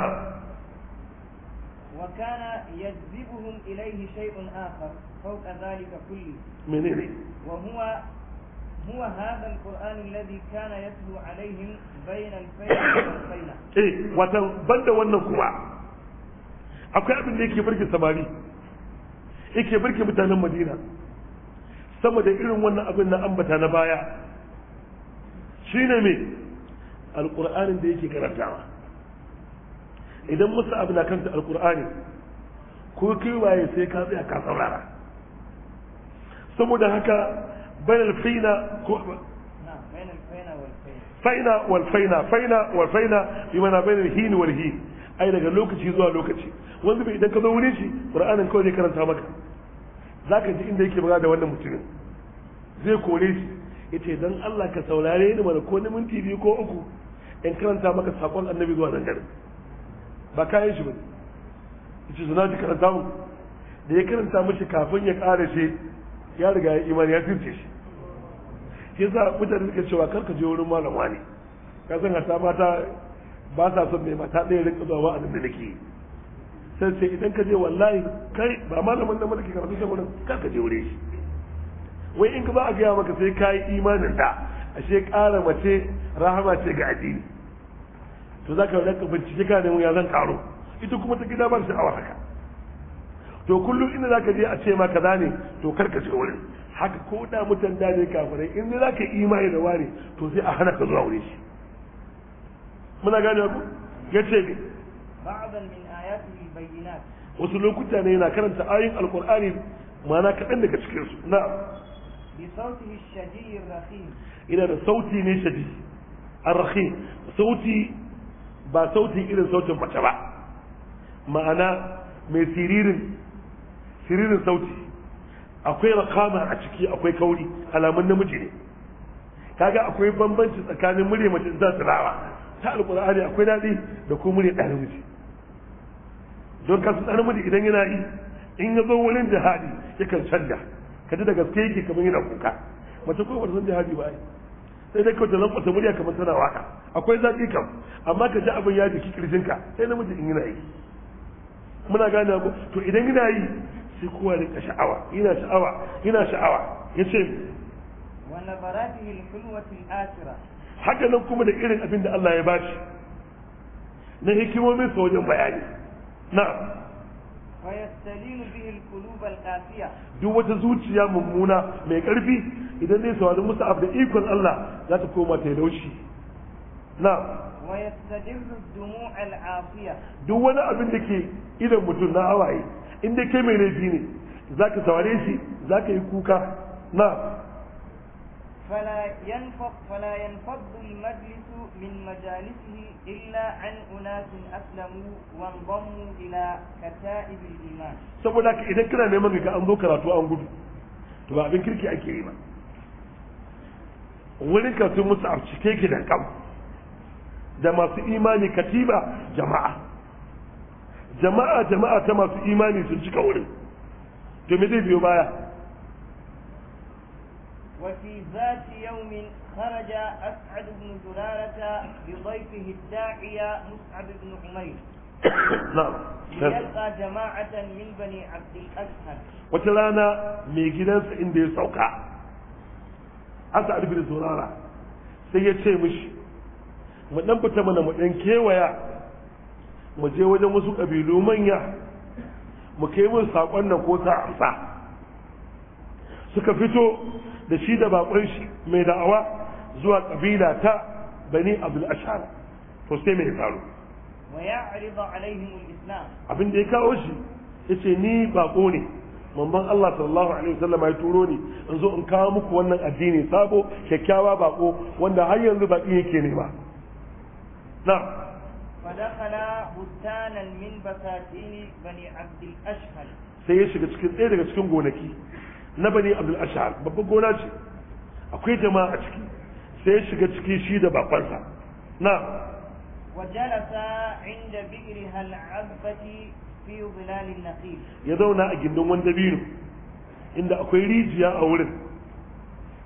wakana ya zibuhun ilaihi shaiɗun akar fauka zalika kulli mene ne wa huwa huwa hadan qur'ani alladhi kana yatlu alaihim bainal fayl wal fayl eh wato banda wannan kuma akwai abin da yake burge samari yake burge mutanen madina sama da irin wannan abin na ambata na baya shi ne me alqur'anin da yake karantawa idan musa abu na kanta alƙur'ani, ko kai sai ka tsaya ka saurara saboda haka bayan fina ko faina wal faina faina wal faina bi mana bayan hin wal hin ai daga lokaci zuwa lokaci wanda bai idan ka zo wurin shi qur'anin kawai zai karanta maka za ka ji inda yake magana da wannan mutumin zai kore shi ya ce don Allah ka saurare ni mana ko na minti biyu ko uku in karanta maka sakon annabi zuwa nan gari ba kayan shi ba ne ya ce suna ji karanta mu da ya karanta mashi kafin ya ƙara shi ya riga ya imani ya firce shi shi sa mutane suka cewa kar ka je wurin malama ne ka san hata mata ba sa son mai mata ɗaya rinka zuwa a nan da nake yi sai sai idan ka je wallahi kai ba malamin nan muke karatu can wurin ka je wuri wai in ka ba a gaya maka sai ka yi imanin da ashe ƙara mace rahama ce ga addini to za ka ranka bincike ka nemo ya zan karo ita kuma ta gida ba sha'awar haka to kullum inda za ka je a ce ma kaza ne to kar ka je wuri haka ko da mutan da ne kafirai in za ka imani da ware to sai a hana ka zuwa wuri shi muna gane ku ya ce ne ba'adan min ayatin wasu lokuta ne yana karanta ayin alkur'ani mana kaɗan daga cikinsu na ina da sauti ne shadi arrahim sauti ba sauti irin sautin mace ba ma'ana mai siririn siririn sauti akwai rakama a ciki akwai kauri alamun namiji ne kaga akwai bambanci tsakanin murya mace za su rawa ta alƙur'ani akwai daɗi da kuma murya ɗan namiji don kasu ɗan namiji idan yana yi in ya zo wurin jihadi yakan canja ka ji da gaske yake kamar yana kuka mace ko ba san jihadi ba yi. sai dai kawai ta kwata murya kamar tana waka akwai zaƙi kam amma ka ji abin ya jiki kirjinka sai namiji in yana yi muna gane ko to idan yana yi sai kowa ya ka sha'awa yana sha'awa yana sha'awa ya ce wa nabaratihi alhulwati asira? haka nan kuma da irin abin da Allah ya bashi na hikimomin sa wajen bayani na'am wa yastalinu bihi alqulub alqasiya duk wata zuciya mummuna mai ƙarfi, idan zai sawali musa'ab da ikon Allah za ta koma ta laushi na'am wa yastadirru dumu' al'afiya duk wani abin da ke idon mutum na hawaye inda kai mai laifi ne zaka saware shi za ka yi kuka na'am فلا ينفض فلا ينفض المجلس من مجالسه إلا عن أناس أسلموا وانضموا إلى كتائب الإيمان. saboda idan kana neman ga an zo karatu an gudu to ba abin kirki ake yi ba wurin karatu musu a cike ki da kam da masu imani katiba jama'a jama'a ta masu imani sun cika wurin to zai biyo baya وفي ذات يوم خرج أسعد بن زلالة بضيفه الداعية مسعد بن عمير ليلقى جماعة من بني عبد الأشهر وتلانا ميجلس عند يسوكا أسعد بن زلالة سيتشي مش mu dan fita mana mu dan kewaya mu je wajen wasu kabilu manya mu kai mun sakon nan ko ta amsa suka fito da shi da bakon shi mai da'awa zuwa kabila ta bani abul ashar to sai mai faru wa ya arida alaihim al-islam abin da ya kawo shi yace ni bako ne manzon Allah sallallahu alaihi wasallam ya turo ni in zo in kawo muku wannan addini sabo kyakkyawa bako wanda har yanzu baki yake ne ba na fadakala بستانا min basatini bani abdul الأشهل sai ya shiga cikin ɗaya daga cikin gonaki na bani abdul ashar babban gona ce akwai jama'a a ciki sai ya shiga ciki shi da bakonsa na وجلس عند بئرها ya zauna a gindin wanda أجندون inda akwai rijiya a wurin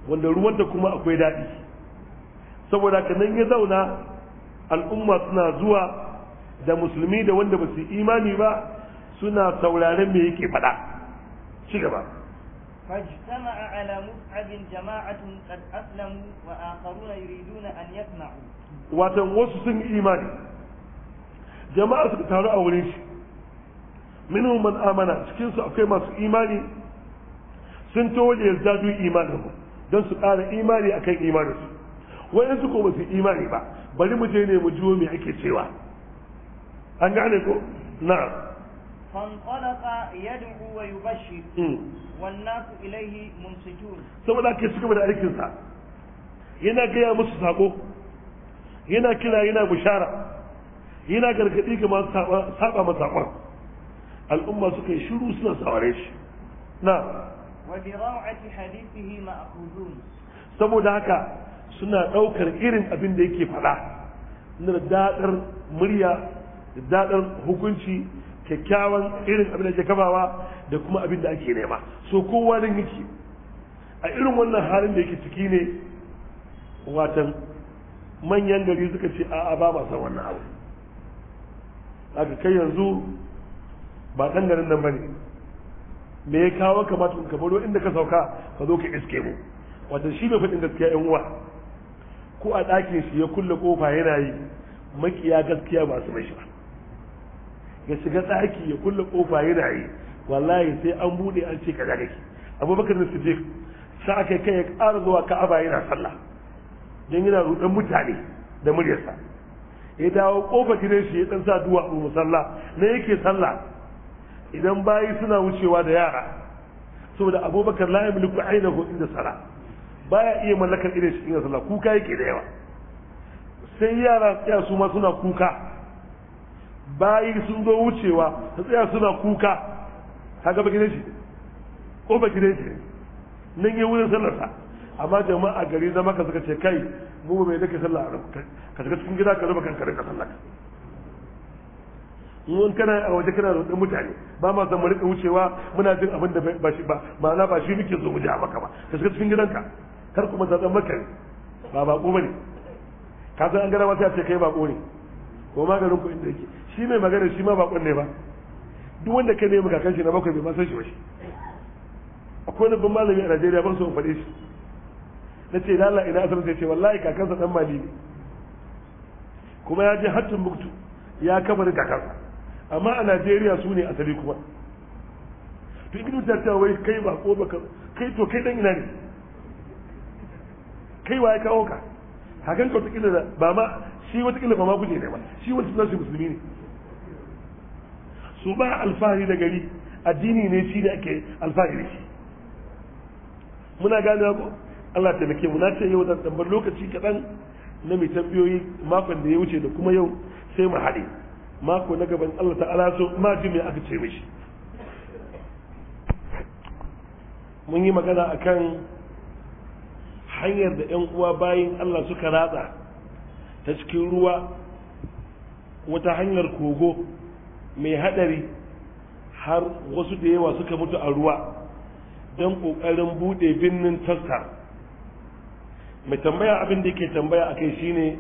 wanda ruwan da kuma akwai daɗi saboda kanan nan ya zauna al'umma suna zuwa da musulmi da wanda ba su imani ba suna sauraren me yake faɗa ci gaba فاجتمع على مصعب جماعة قد أسلموا suka taru a wurin وتنوص إيماني جماعة تهرأ أوليش akwai masu imani sun to waje yazdadu imanin don su ƙara imani akan imanin su wayan su ko ba su imani ba bari mu je ne mu jiwo me ake cewa an gane ko na'am فانطلق يدعو ويبشر والناس إليه منسجون saboda ke suka da aikin sa yana gaya musu sako yana kira yana bushara yana gargadi ga masu saba masa sakon al'umma suka shiru suna saware shi na wa bi raw'ati hadithihi ma'khuzun saboda haka suna daukar irin abin da yake faɗa na dadar murya da dadar hukunci kyakkyawan irin abin da ke kafawa da kuma abin da ake nema so kowa nan yake a irin wannan halin da yake ciki ne watan manyan gari suka ce a ba ma san wannan abu haka kai yanzu ba ɗan garin nan bane me ya kawo ka in ka baro inda ka sauka ka zo ka iske mu wanda shi bai faɗin gaskiya yan uwa ko a ɗakin shi ya kulle kofa yana yi makiya gaskiya ba su mai shi ba ya shiga tsaki ya kulle kofa ya yi wallahi sai an bude an ce kaza kake abubakar da siddiq sai aka kai ya ƙara zuwa ka'aba yana sallah dan yana rudan mutane da muryarsa ya dawo kofa gidan shi ya dan sa duwa a musalla na yake sallah idan bayi suna wucewa da yara saboda abubakar la yamliku ainihu inda sala baya iya mallakar irin shi inda sallah kuka yake da yawa sai yara tsaya su ma suna kuka bayi sun zo wucewa su tsaya suna kuka haka bakin shi ko bakin shi nan yi wurin sallarsa amma jama'a gari zama ka suka ce kai mu mai nake sallah ka suka cikin gida ka zuba kanka rinka sallah in kana a waje kana da mutane ba ma zama rika wucewa muna jin abin da ba shi ba ma'ana ba shi muke zo mu ja maka ba ka suka cikin gidanka kar kuma zaɓen maka ba ba baƙo ba ne ka san an gana mata ce kai baƙo ne ko maganin ku inda yake shi mai magana shi ma bakon ne ba duk wanda ka nemi kakan shi na bakwai bai ma san shi ba shi akwai wani ban malami a Najeriya ban so in faɗe shi na ce lalla ina asar sai ce wallahi kakansa dan mali ne kuma ya je hattun buktu ya da kakansa amma a Najeriya su ne asali kuma to ibnu tattawa wai kai ba ko ba kai to kai dan ina ne kai wa ya kawo ka hakan ka wata da ba ma shi kila ba ma guje ne ba shi wani sunan shi musulmi ne su ba alfahari da gari addini ne shi da ake alfahari shi muna gane ko Allah ta mu na ce yau zan tambar lokaci kaɗan na mai tambayoyi makon da ya wuce da kuma yau sai mu haɗe mako na gaban Allah ta'ala so ma ji me aka ce mishi mun yi magana akan hanyar da 'yan uwa bayin Allah suka ratsa ta cikin ruwa wata hanyar kogo mai hadari har wasu da yawa suka mutu a ruwa don ƙoƙarin buɗe birnin taskar mai tambaya abin da ke tambaya a kai shine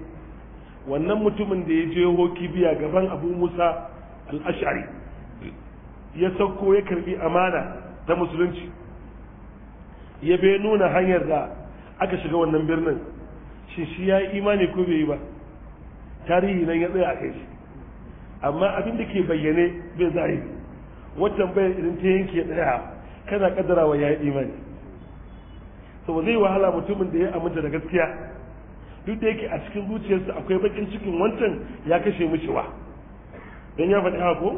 wannan mutumin da ya je hoki biya gaban abu musa al'ashari ya sauko ya karbi amana ta musulunci ya bai nuna hanyar da aka shiga wannan birnin shi shi ya yi imani ko bai yi ba tarihi nan ya tsaya a kai shi amma abin da ke bayyane bai zai wancan bai idan ta yanke tsaya kana kaddara wa yayi imani to zai wahala mutumin da ya aminta da gaskiya duk da yake a cikin zuciyarsa akwai bakin cikin wancan ya kashe mishi wa dan ya faɗi haka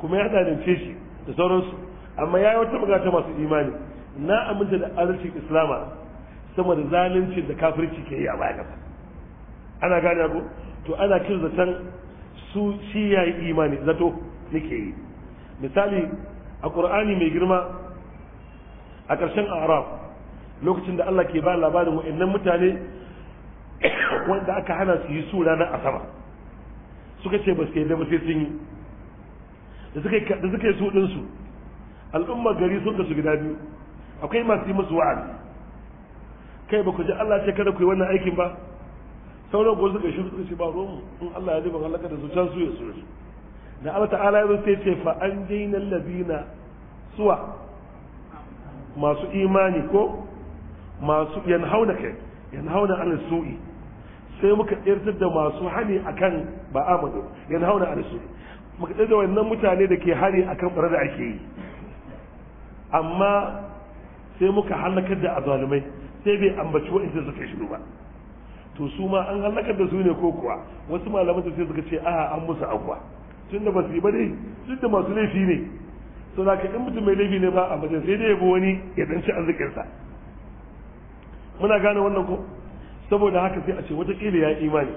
kuma ya zalunce shi da sauransu amma ya yi wata magata masu imani na aminta da adalcin islama sama da zalunci da kafirci ke yi a baya ana gane ko to ana kin zaton su shi ya yi imani zato nake yi misali a ƙur'ani mai girma a karshen arab lokacin da Allah ke ba labarin wa'annan mutane wanda aka hana su yi su ranar asaba suka ce ba su yi ba sai sun yi da suka yi su ɗinsu al'ummar gari sun kasu gida biyu akwai masu yi musu wa'azi kai ba ku ji Allah ce kada ku yi wannan aikin ba sauran ko suka shi suka ce ba ruwan in Allah ya zaba halaka da su can su ya su da Allah ta'ala ya zai ce fa an jaina labina suwa masu imani ko masu hauna kai hauna an su'i sai muka irtar da masu hani akan ba amadu hauna an su'i muka da wannan mutane da ke hari akan barar da ake yi amma sai muka halakar da azalumai sai bai ambaci wa'inda suka shiru ba to su ma an halakar da su ne ko kuwa wasu malaman sai suka ce a an musu agwa tun da basu yi ba dai tun da masu laifi ne to da ka in mutum mai laifi ne ba a bajin sai dai ya wani ya dan ci sa muna gane wannan ko saboda haka sai a ce wataƙila ya imani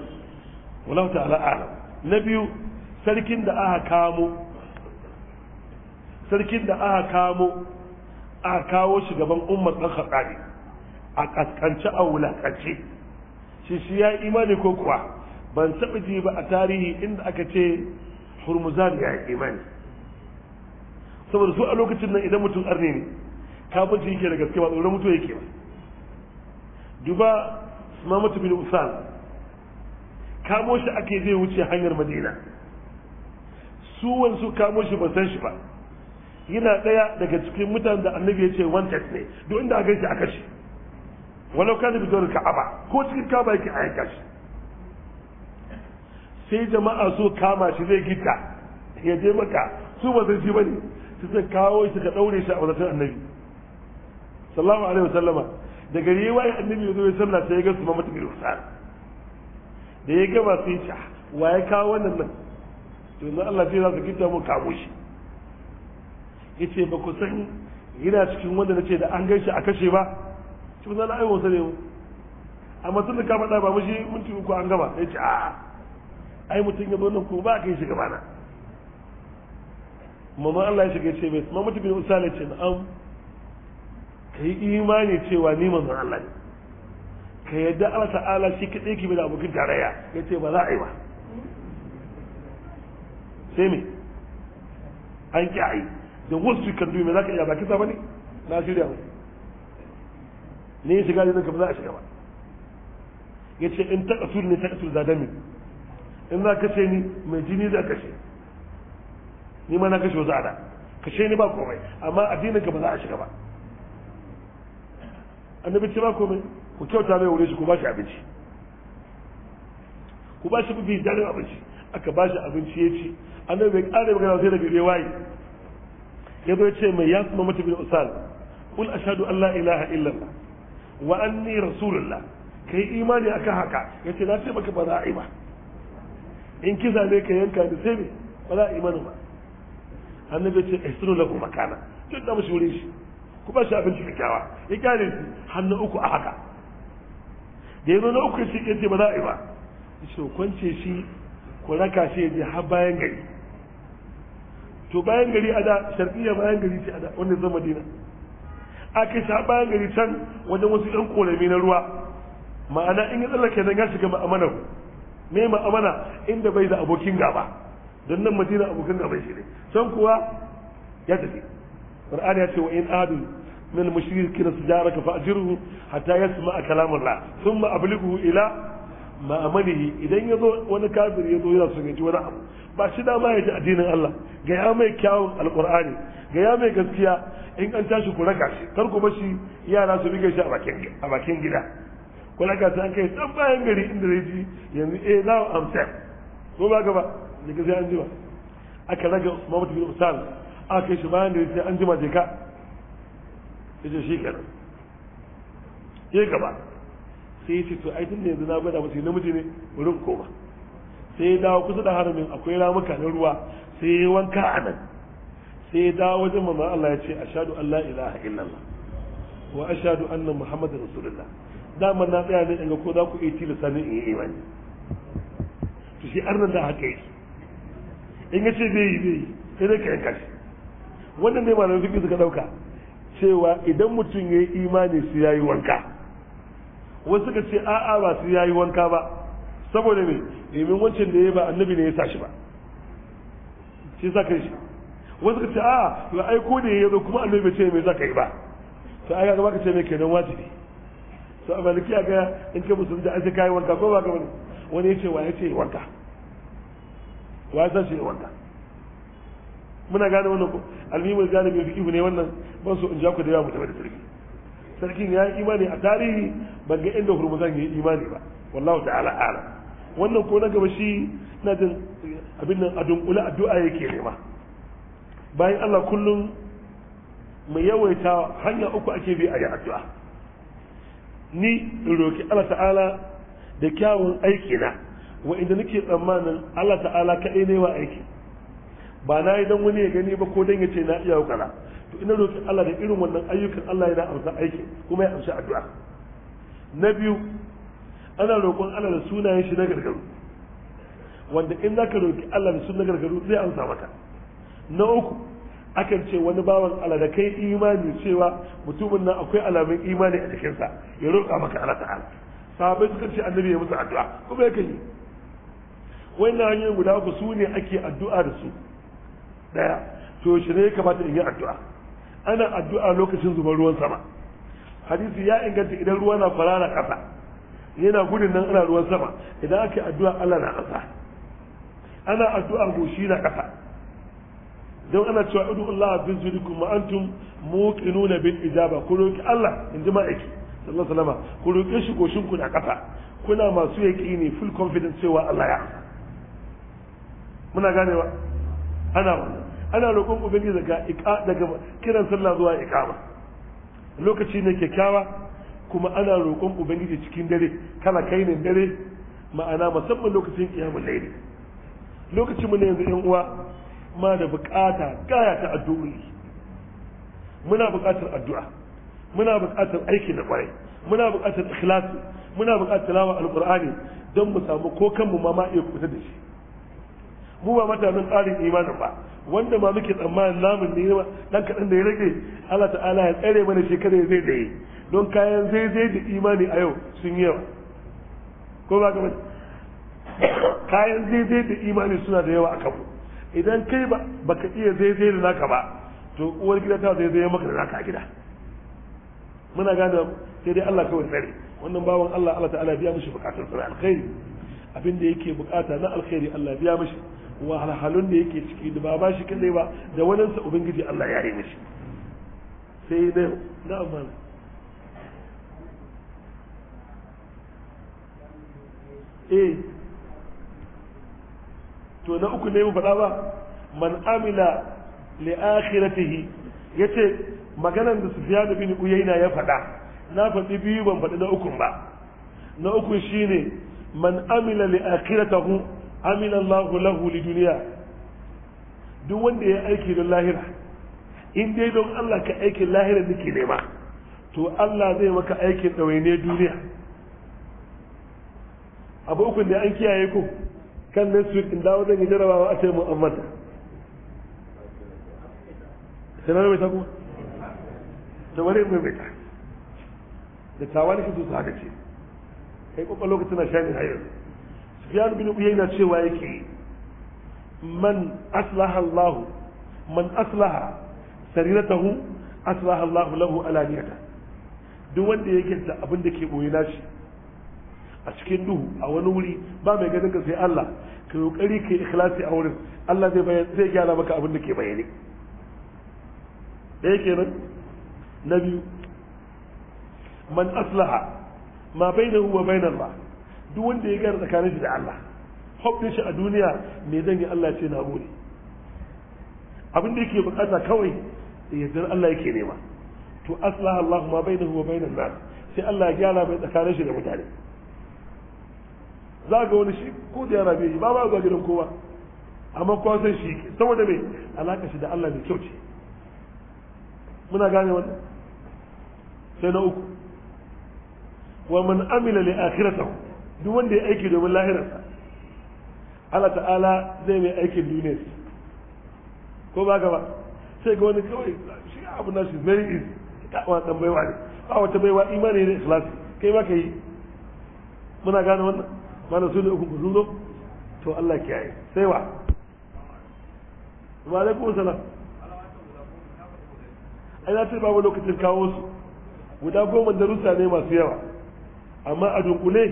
wallahu ta'ala a'lam na biyu sarkin da aka kamo sarkin da aka kamo aka kawo shi gaban ummar khadadi a kaskance a wulakace shi shi ya imani ko kuwa ban taɓa ji ba a tarihi inda aka ce hurmuzan ya imani saboda su a lokacin nan idan mutum arne ne kafirci yake da gaske ba tsoron mutuwa yake ba duba mamatu bin usan kamo shi ake zai wuce hanyar madina su wansu kamo shi ban san shi ba yana ɗaya daga cikin mutanen da annabi ya ce wanted ne duk inda a shi aka shi walau kana bi zuwa ka'aba ko cikin ka'aba yake aika shi sai jama'a so kama shi zai gita ya je maka su ba zai shi bane su sai kawo shi ka daure shi a wadatun annabi sallallahu alaihi wasallama da gari yayi wai annabi ya zo ya sallah sai ya ga su ma mutum ya da ya gama sai ya ah, wa ya kawo wannan nan to na Allah sai za su gita mu kamo shi yace ba ku san yana cikin wanda nace da an gaishe a kashe ba shi ba na aiwon ne mu amma tun da ka faɗa ba mashi minti uku an gaba ya ce a ai mutum ya zo nan ko ba kai yi shiga bana mamman Allah ya shiga ce mai mamman mutum bin usala ce am ka yi imani cewa ni manzon Allah ne ka yadda Allah ta'ala shi kaɗai ki da abokin tarayya ya ce ba za a yi ba sai me an ki a yi da wasu kan dubi me za ka iya ba kisa ba ne na shirya mai ne ya shiga jinin ka za a shiga ba ya ce in ta ƙasur ne ta ƙasur za dami in za kashe ni mai jini za kashe ni ma na kashe wasu ada kashe ni ba komai amma addinin ka ba za a shiga ba annabi ce ba komai ku kyauta mai wuri shi ku ba shi abinci ku ba shi bibi jarin abinci aka ba shi abinci ya ci annabi bai kare magana sai da bai waye ya zo ya ce mai yasu mamata bin usal قل أشهد أن لا إله إلا الله wa anni rasulullah kai imani akan haka yace na ce maka ba za a yi ba in kisa ne ka yanka ni sai me ba za a yi mana ba annabi ce ihsinu lahu makana tun da mushi wurin shi ku ba shi abinci kyakkyawa ya kyale shi hannu uku a haka da yanzu na uku shi yace ba za a yi ba so kwance shi ku raka shi je har bayan gari to bayan gari a da sharfiya bayan gari ce a da wannan zama dina aka sha bayan gari can wajen wasu ɗan kolami na ruwa ma'ana in ya tsallake nan ya shiga ma'amana me ma'amana inda bai da abokin gaba don nan madina abokin gaba shi ne can kuwa ya tafi qur'an ya ce wa in adu min kira su mushrikin sijaraka fa'jirhu hatta ya yasma'a la sun ablighu ila ma'amanihi idan ya zo wani kafir ya zo yana son ya ji wani abu ba shi dama ya ji addinin Allah ga ya mai kyawun alkur'ani ga ya mai gaskiya in an tashi ku raka shi kar ku bashi yara su rike shi a bakin gida ku raka shi an kai dan bayan gari inda zai ji yanzu eh now am safe so ba gaba ne ga sai an jima aka raga Muhammad bin Usman aka kai shi bayan gari sai an jima je ka yace shi kenan je gaba sai ya ce to ai tun da yanzu na gwada musu namiji ne wurin koma sai ya dawo kusa da haramin akwai ramuka na ruwa sai ya wanka a nan sai ya dawo wajen mama Allah ya ce ashhadu an la ilaha illallah wa ashhadu anna muhammadu rasulullah dama na tsaya ne ga ko za ku iya tilasta ne in yi imani to shi nan da haka yi. in ya ce bai yi bai yi sai dai ka yanka shi wannan ne malamin fiƙi suka ɗauka cewa idan mutum ya yi imani su ya yi wanka wasu suka ce a'a ba su ya yi wanka ba saboda me domin wancan da ya ba annabi ne ya sa shi ba shi sa kai shi wasu ka a ah, ya aiko ne ya zo kuma annabi bai ce me zaka yi ba to ai ga baka ce me kenan wajibi to a maliki ga in ka musulmi da aje kai wanka ko ba ka bane wani yace wa yace wanka wa ya shi wanka muna gane wannan ko almimul galibin fiqhu ne wannan ban so in ja ku da yawa mu tabbata sarki sarkin ya yi imani a tarihi ban ga inda hurmuzan ya yi imani ba wallahu ta'ala a'lam wannan ko na gaba shi na jin abin nan a dunkule addu'a yake nema bayan Allah kullum mu yawaita hanya uku ake bi a yi addu'a ni in roki Allah ta'ala da kyawun aiki na wa inda nake tsammanin Allah ta'ala kaɗai ne wa aiki ba na yi don wani ya gani ba ko don ya ce na iya kaza to ina roki Allah da irin wannan ayyukan Allah yana amsa aiki kuma ya amsa addu'a na biyu ana roƙon Allah da sunayen shi na gargaru wanda in zaka roki Allah da sunan gargaru zai amsa maka na uku akan ce wani bawan Allah da kai imani cewa mutumin nan akwai alamun imani a jikinsa ya roƙa maka Allah ta'ala sahabbai suka ce annabi ya musu addu'a kuma ya yi wannan hanyoyin guda uku su ne ake addu'a da su daya to shi ne ya kamata in yi addu'a ana addu'a lokacin zuban ruwan sama hadisi ya inganta idan ruwa na kwarara kasa yana gudun nan ana ruwan sama idan ake addu'a Allah na kasa ana addu'a goshi na kasa don ana cewa idu Allah bin zurikum ma antum muqinuna bil ijaba ku roki Allah in ji ma'aiki sallallahu alaihi wasallam ku roke shi goshin ku na kasa kuna masu yaqini full confidence cewa Allah ya muna ganewa ana wannan ana roƙon ubangiji daga iqa daga kiran sallah zuwa iqama lokaci ne kyakkyawa kuma ana roƙon ubangiji cikin dare kala kai ne dare ma'ana musamman lokacin kiyamul layli lokacin mu ne yanzu yan uwa ma da bukata gaya ta addu'o'i muna bukatar addu'a muna bukatar aiki da kwarai muna bukatar ikhlasi muna bukatar tilawa alqur'ani don mu samu ko kanmu ma ma iya kuta da shi mu ba mutanen tsarin imanin ba wanda ma muke tsammanin namun ne dan kaɗan da ya rage Allah ta'ala ya tsare mana shekara ya zai daye don kayan zai zai da imani a yau sun yi yawa ko ba ka kayan zai zai da imani suna da yawa a kanmu idan kai ba baka iya zai da naka ba to uwar gida ta zai maka da naka gida muna gane sai dai Allah kawai tsare wannan bawan Allah Allah ta'ala biya mishi bukatar sa alkhairi abin da yake bukata na alkhairi Allah biya mishi wahalhalun da yake ciki da ba ba shi kadai ba da wannan sa ubangiji Allah ya yi mishi sai dai na amana eh to na uku ne mu faɗa ba man amila li akhiratihi yace maganar da Sufyan bin Uyayna ya faɗa na faɗi biyu ban faɗi na ukun ba na uku shine man amila li akhiratihi amila Allahu lahu li duniya duk wanda ya aiki don lahira in dai don Allah ka aiki lahira nake nema to Allah zai maka aikin ɗawainiyar duniya abu da an kiyaye ko kan da su in dawo zan yi jarabawa a ce mu an sai na ta kuma to wani ta da tawa ne su haka ce kai kwakwa lokacin na shani hayar sufyan bin uyay na cewa yake man aslaha allah man aslaha sariratahu aslaha allah lahu niyata duk wanda ya da abin da ke boye nashi a cikin duhu a wani wuri ba mai ganin ka sai Allah ka kokari ka ikhlasi a wurin Allah zai bayan zai gyara maka abin da ke da yake nan na biyu man aslaha ma bainahu wa bain ba duk wanda ya gyara tsakanin shi da Allah hobbin shi a duniya me zan yi Allah ce na gode abin da yake bukata kawai yardar Allah yake nema to aslaha Allah ma bainahu wa bain Allah sai Allah ya gyara mai tsakanin shi da mutane za ga wani shi ko da yara bai ba ba ga gidan kowa amma kowa san shi saboda mai alaka shi da Allah mai kyau ce muna gane wannan sai na uku wa man amila li akhiratihi duk wanda ya aiki domin lahirarsa Allah ta'ala zai mai aikin duniyarsa ko ba gaba sai ga wani kawai shi abu na shi very easy ka wa tambayewa ne ba wata baiwa imani ne ikhlasi kai ma kai muna gane wannan mana su ne uku ku zuro to Allah kiyaye sai wa wa alaikum salam ai na ce babu lokacin kawo su guda goma darussa ne masu yawa amma a dunkule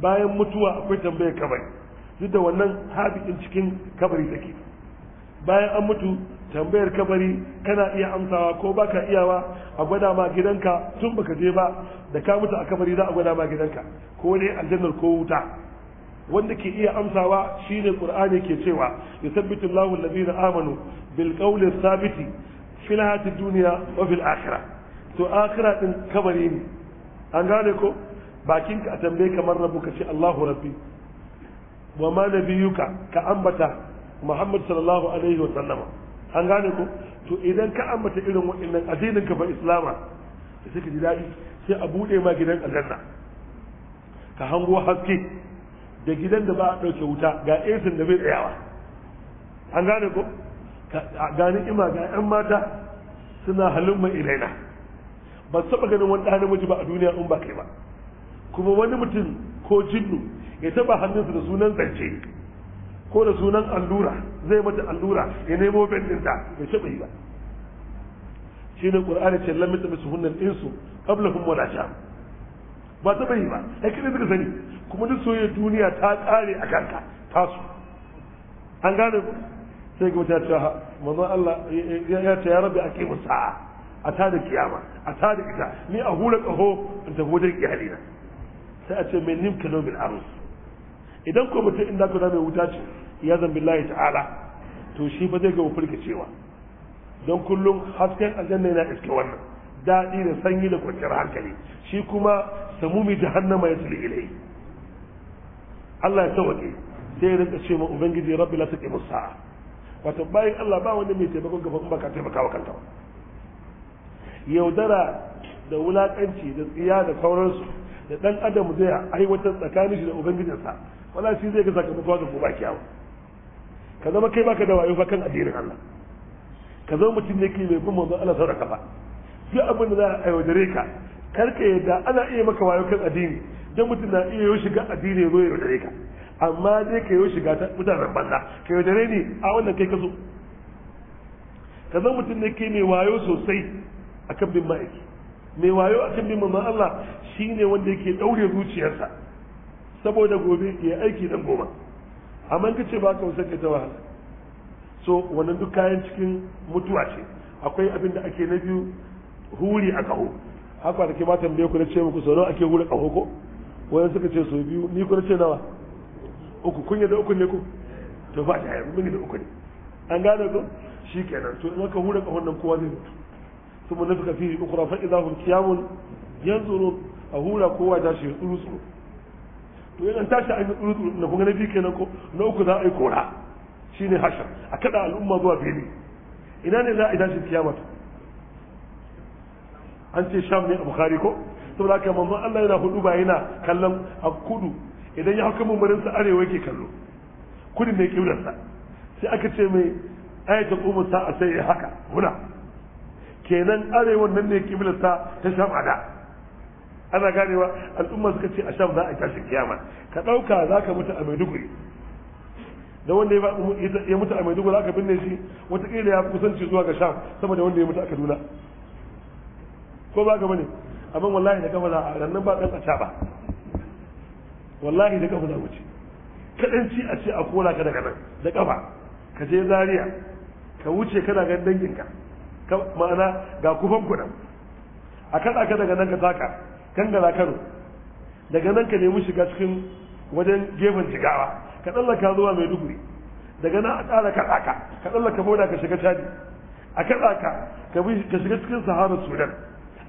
bayan mutuwa akwai tambayar kabari duk da wannan habikin cikin kabari take bayan an mutu tambayar kabari kana iya amsawa ko baka iyawa a gwada ma gidanka tun baka je ba da ka mutu a kabari za a gwada ma gidanka ko ne aljannar ko wuta wanda ke iya amsawa shine qur'ani ke cewa yusabbitu Allahu allazina amanu bil qawli thabiti fil hayatid dunya wa fil akhirah to akhirah din kabari ne an gane ko bakin ka a tambaye kamar rabu ka ce Allahu rabbi wa ma nabiyuka ka ambata Muhammad sallallahu alaihi wa sallama an gane ko to idan ka ambata irin waɗannan addinin ka fa islama sai ka ji daɗi sai a buɗe ma gidan aljanna ka hango haske da gidan da ba a ɗauke wuta ga esin da bai tsayawa an gane ko ga ima ga 'yan mata suna halin mai ilaina ba su taɓa ganin wani ɗan namiji ba a duniya in ba kai ba kuma wani mutum ko jinnu ya taɓa hannunsa da sunan zance ko da sunan allura zai mata allura ya nemo bendinta bai taɓa yi ba shi ne ƙur'ani ce lamita musu hunnan insu ƙablahun wala sha ba taɓa yi ba ai kada suka sani kuma duk soyayyar duniya ta kare a kanka tasu an gane ku sai kuma ta ce manzon Allah ya ce ya rabbi sa'a a ta da kiyama a ta da ita ni a hula kaho in tafi wajen iyalina sai a ce mai nimka nomin arus idan ko mutum inda ku mai wuta ce ya zambi layi ta'ala to shi ba zai gaba cewa don kullum hasken aljanna yana iske wannan daɗi da sanyi da kwanciyar hankali shi kuma samumi jahannama ya sulu ilai Allah ya tawake sai rinka ce ma ubangiji rabbi la taqi saa wato bayan Allah ba wanda mai taimakon gaban baka taimaka wa kanta yaudara da wulakanci da tsiya da sauransu da dan adam zai aiwatar tsakanin shi da ubangijinsa wala shi zai ga sakamako ga kuma kiyawa ka zama kai baka da wayo fa kan addinin Allah ka zama mutum ne ke mai bin manzon Allah sauraka ba duk abin da za a aiwatar ka karka yadda ana iya maka wayo kan addini dan mutum na iya yau shiga addini zo ya dare ka amma dai ka yau shiga ta mutanen banza ka yau dare ne a wannan kai ka zo ka zan mutum ne ke mai wayo sosai a kan bin ma'aiki mai wayo a kan bin mamman Allah shi ne wanda yake daure zuciyarsa saboda gobe ya aiki dan goma amma ka ce ba ka wasa ka ta wahala so wannan duk kayan cikin mutuwa ce akwai abin da ake na biyu huri a kaho haka da ke ba tambaye ku na ce muku sau ake a kaho ko wani suka ce sau biyu ni kuma ce nawa uku kun da uku ne ku to ba shi a yanzu mun da uku ne an gane ko shi kenan to in aka hura kahon nan kowa zai mutu sun mun nufi kafi ukura fa idza hum qiyamun yanzuru a hura kowa ta shi tsuru tsuru to yana tashi an yi tsuru tsuru na kun na biyu kenan ko na uku za a yi kora shine hashar a kada al'umma zuwa fili ina ne za a yi tashi kiyama an ce sham ne a bukari ko saboda haka manzon Allah yana hudu ba yana kallon a idan ya hukumu mummunin sa arewa yake kallo kudin ne kiblarsa sai aka ce mai ayatul sa sa'a sai ya haka huna kenan arewa nan ne kiblarsa ta sham ada ana ganewa al'umma suka ce a sham za a tashi kiyama ka dauka zaka mutu a Maiduguri da wanda ya mutu a Maiduguri aka binne shi wataƙila ya kusanci zuwa ga sham saboda wanda ya mutu a Kaduna ko ba ga bane abin wallahi da kafa za a rannan ba ɗan a ba wallahi da kafa za wuce kaɗanci a ce a kola ka daga nan da kafa ka je Zariya ka wuce kana ganin danginka ma'ana ga kufan kuɗin a kaɗa ka daga nan ka taka gangara kano daga nan ka nemi shiga cikin wajen gefen jigawa ka tsallaka zuwa mai duguri daga nan a ƙara kaɗa ka ka tsallaka boda ka shiga cadi a kaɗa ka ka shiga cikin sahara sudan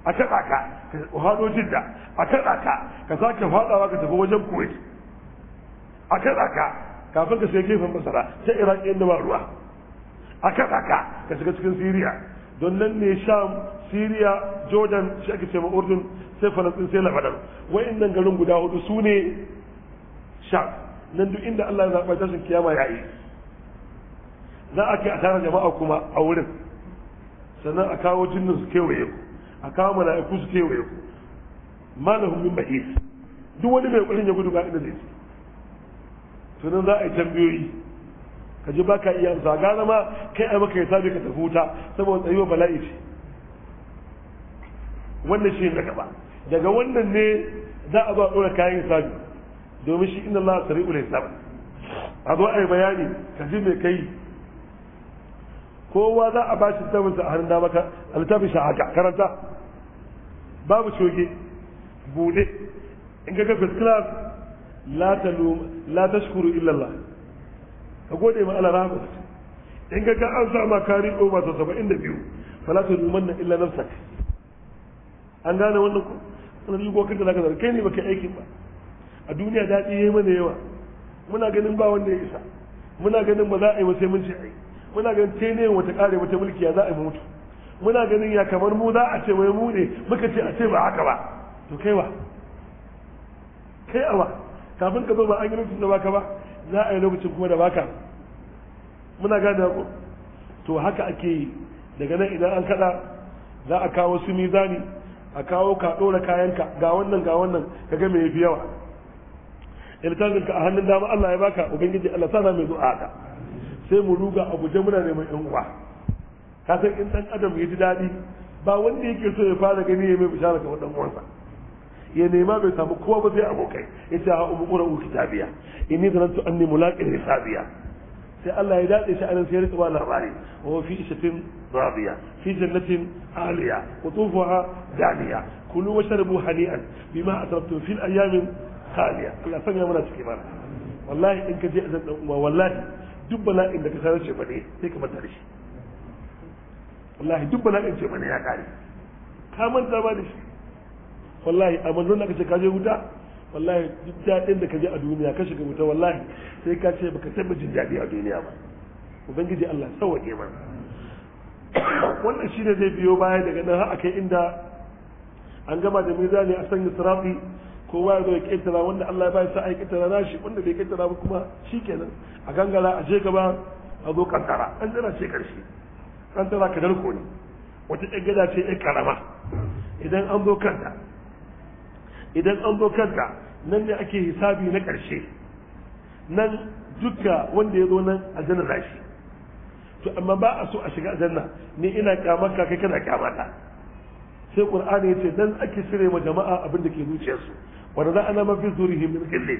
a taɗa ka ka haɗo jidda a taɗa ka ka faɗawa ka tafi wajen kuwait a taɗa ka kafin ka sai gefen masara ta iraki inda ba ruwa a taɗa ka ka shiga cikin siriya don nan ne sham siriya jordan shi ake ce ma urdun sai falastin sai labanan wa'annan garin guda hudu su ne sham nan duk inda allah ya zaɓa tashin kiyama ya yi za a ke a tara jama'a kuma a wurin sannan a kawo jinnin su kewaye ku a kawo mala'iku su kewaye ku malahu min bahis duk wani mai kullun ya gudu ga inda zai ci nan za a yi tambayoyi ka ji baka iya amsa ga zama kai a maka ya sabe ka tafi wuta saboda tsayuwa bala'i ce wannan shi na gaba daga wannan ne za a zo a dora kayan hisabi domin shi inna Allah sari'ul hisab a zo a yi bayani ka ji mai kai kowa za a bashi sa a hannun dama ka littafin sa haka karanta babu shoge bude in ga first class la talum la tashkuru illa Allah ka gode ma Allah rahama in ga an sa ma kari ko ba ta la ta lumanna illa nafsak an gane wannan ko wannan yugo kanka zaka zarge kai ne baka aikin ba a duniya daɗi yayi mana yawa muna ganin ba wanda ya isa muna ganin ba za a yi ba sai mun ce ai muna ganin te ne wata kare wata mulki ya za a mutu muna ganin ya kamar mu za a ce wai mu ne muka ce a ce ba haka ba to kai wa kai awa kafin ka zo ba an yi lokacin da baka ba za a yi lokacin kuma da baka muna gane ku to haka ake yi daga nan idan an kada za a kawo su mizani a kawo ka dora kayanka ga wannan ga wannan ka ga me yafi yawa iltazin ka a hannun dama Allah ya baka ubangiji Allah sana mai zu'a ka sai mu ruga abu guje muna neman yan uwa ka san in dan adam ya ji daɗi ba wanda yake so ya fara gani ya mai bishara ga dan uwansa ya nema bai samu kowa ba sai abokai ya ce ha umu qura'u kitabiya inni zanantu anni mulaqin hisabiya sai Allah ya dade shi anan sai ya rika ba labari wa fi ishatin radiya fi jannatin aliya qutufuha daniya kulu washrabu hani'an bima asrabtum fil ayyamin khaliya Allah sanya mana cikin mana wallahi in ka je azan dan uwa wallahi duk bala'in da ka sanar ce bane sai ka manta da shi wallahi duk bala'in ce bane ya kare ka manta ba da shi wallahi a manzon da ka ce ka je wuta wallahi duk daɗin da ka je a duniya ka shiga wuta wallahi sai ka ce baka taɓa jin daɗi a duniya ba ubangiji Allah sauwaƙe mana wannan shi ne zai biyo baya daga nan har akai inda an gama da mizani a sanya sirafi kowa ya zo ya ƙetara wanda Allah ya ba sa ai ƙetara na shi wanda bai ƙetara ba kuma shikenan a gangara a je gaba a zo kankara kankara ce ƙarshe ka kadarko ne wata ɗan gada ce ɗan karama idan an zo kanta idan an zo kanta nan ne ake hisabi na ƙarshe nan duka wanda ya zo nan a aljanna za to amma ba a so a shiga janna ni ina kyamarka kai kana kyamata sai qur'ani yace dan ake sire ma jama'a abin da ke zuciyarsu wanda za a nama fi zurihi min hille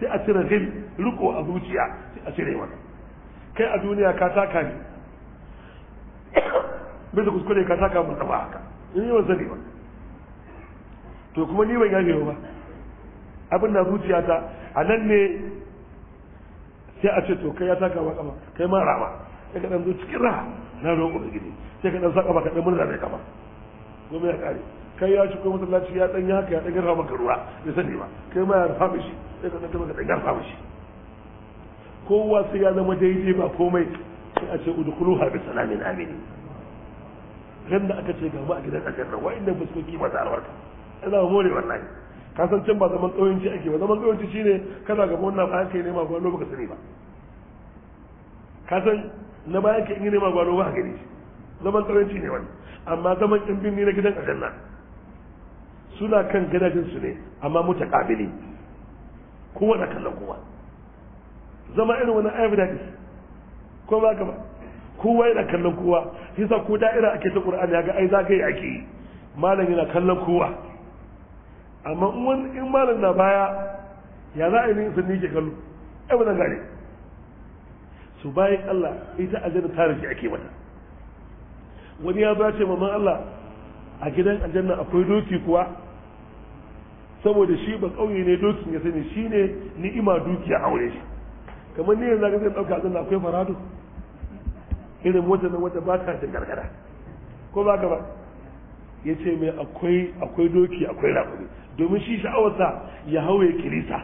sai a cire hil riko a zuciya sai a cire wani kai a duniya ka taka ne bisa kuskure ka taka mun taba haka in yi wanzani ba to kuma ni ban yafe ba abin na ta a nan ne sai a ce to kai ya taka ba kama kai ma rama sai ka dan zo cikin raha na roƙo gidi sai ka dan saka ba ka dan murna da kama ya kare kai ya ko masallaci ya dan haka ya dan garfa maka ruwa bai sani ba kai ma ya rufa mishi sai ka dan maka dan garfa mishi kowa sai ya zama daidai ba komai sai a ce ha bi salamin amin ran da aka ce ga mu a gidan aljanna wa'inda fuskoki masu alwarka ina more wallahi ka san can ba zaman tsoyinci ake ba zaman tsoyinci shine kana ga wannan bayan kai nema gwano baka sani ba ka san na bayan kai in nema gwano ba ka gani zaman tsoyinci ne wannan amma zaman in bin na gidan aljanna suna kan gadajinsu ne amma muta kabili kowa na kallon kuma zama irin wani ayyukan ko ba gaba kowa yana kallon kowa sa ko da'ira ake ta qur'ani ya ga ai zagaye ake malam yana kallon kowa amma in malam na baya ya za a yi sun nike kallo ai wannan gane su bayan Allah ita aljanna ta rage ake mata wani ya zo ya ce mamman Allah a gidan aljanna akwai doki kuwa saboda shi ba kauye ne dokin ya sani shi ne ni'ima dukiya aure shi kamar ne yanzu zai ɗauka zan akwai farado irin wata na wata ba ta shigar gara ko ba ba ya ce mai akwai akwai doki akwai rakumi domin shi sha'awarsa ya ya kirisa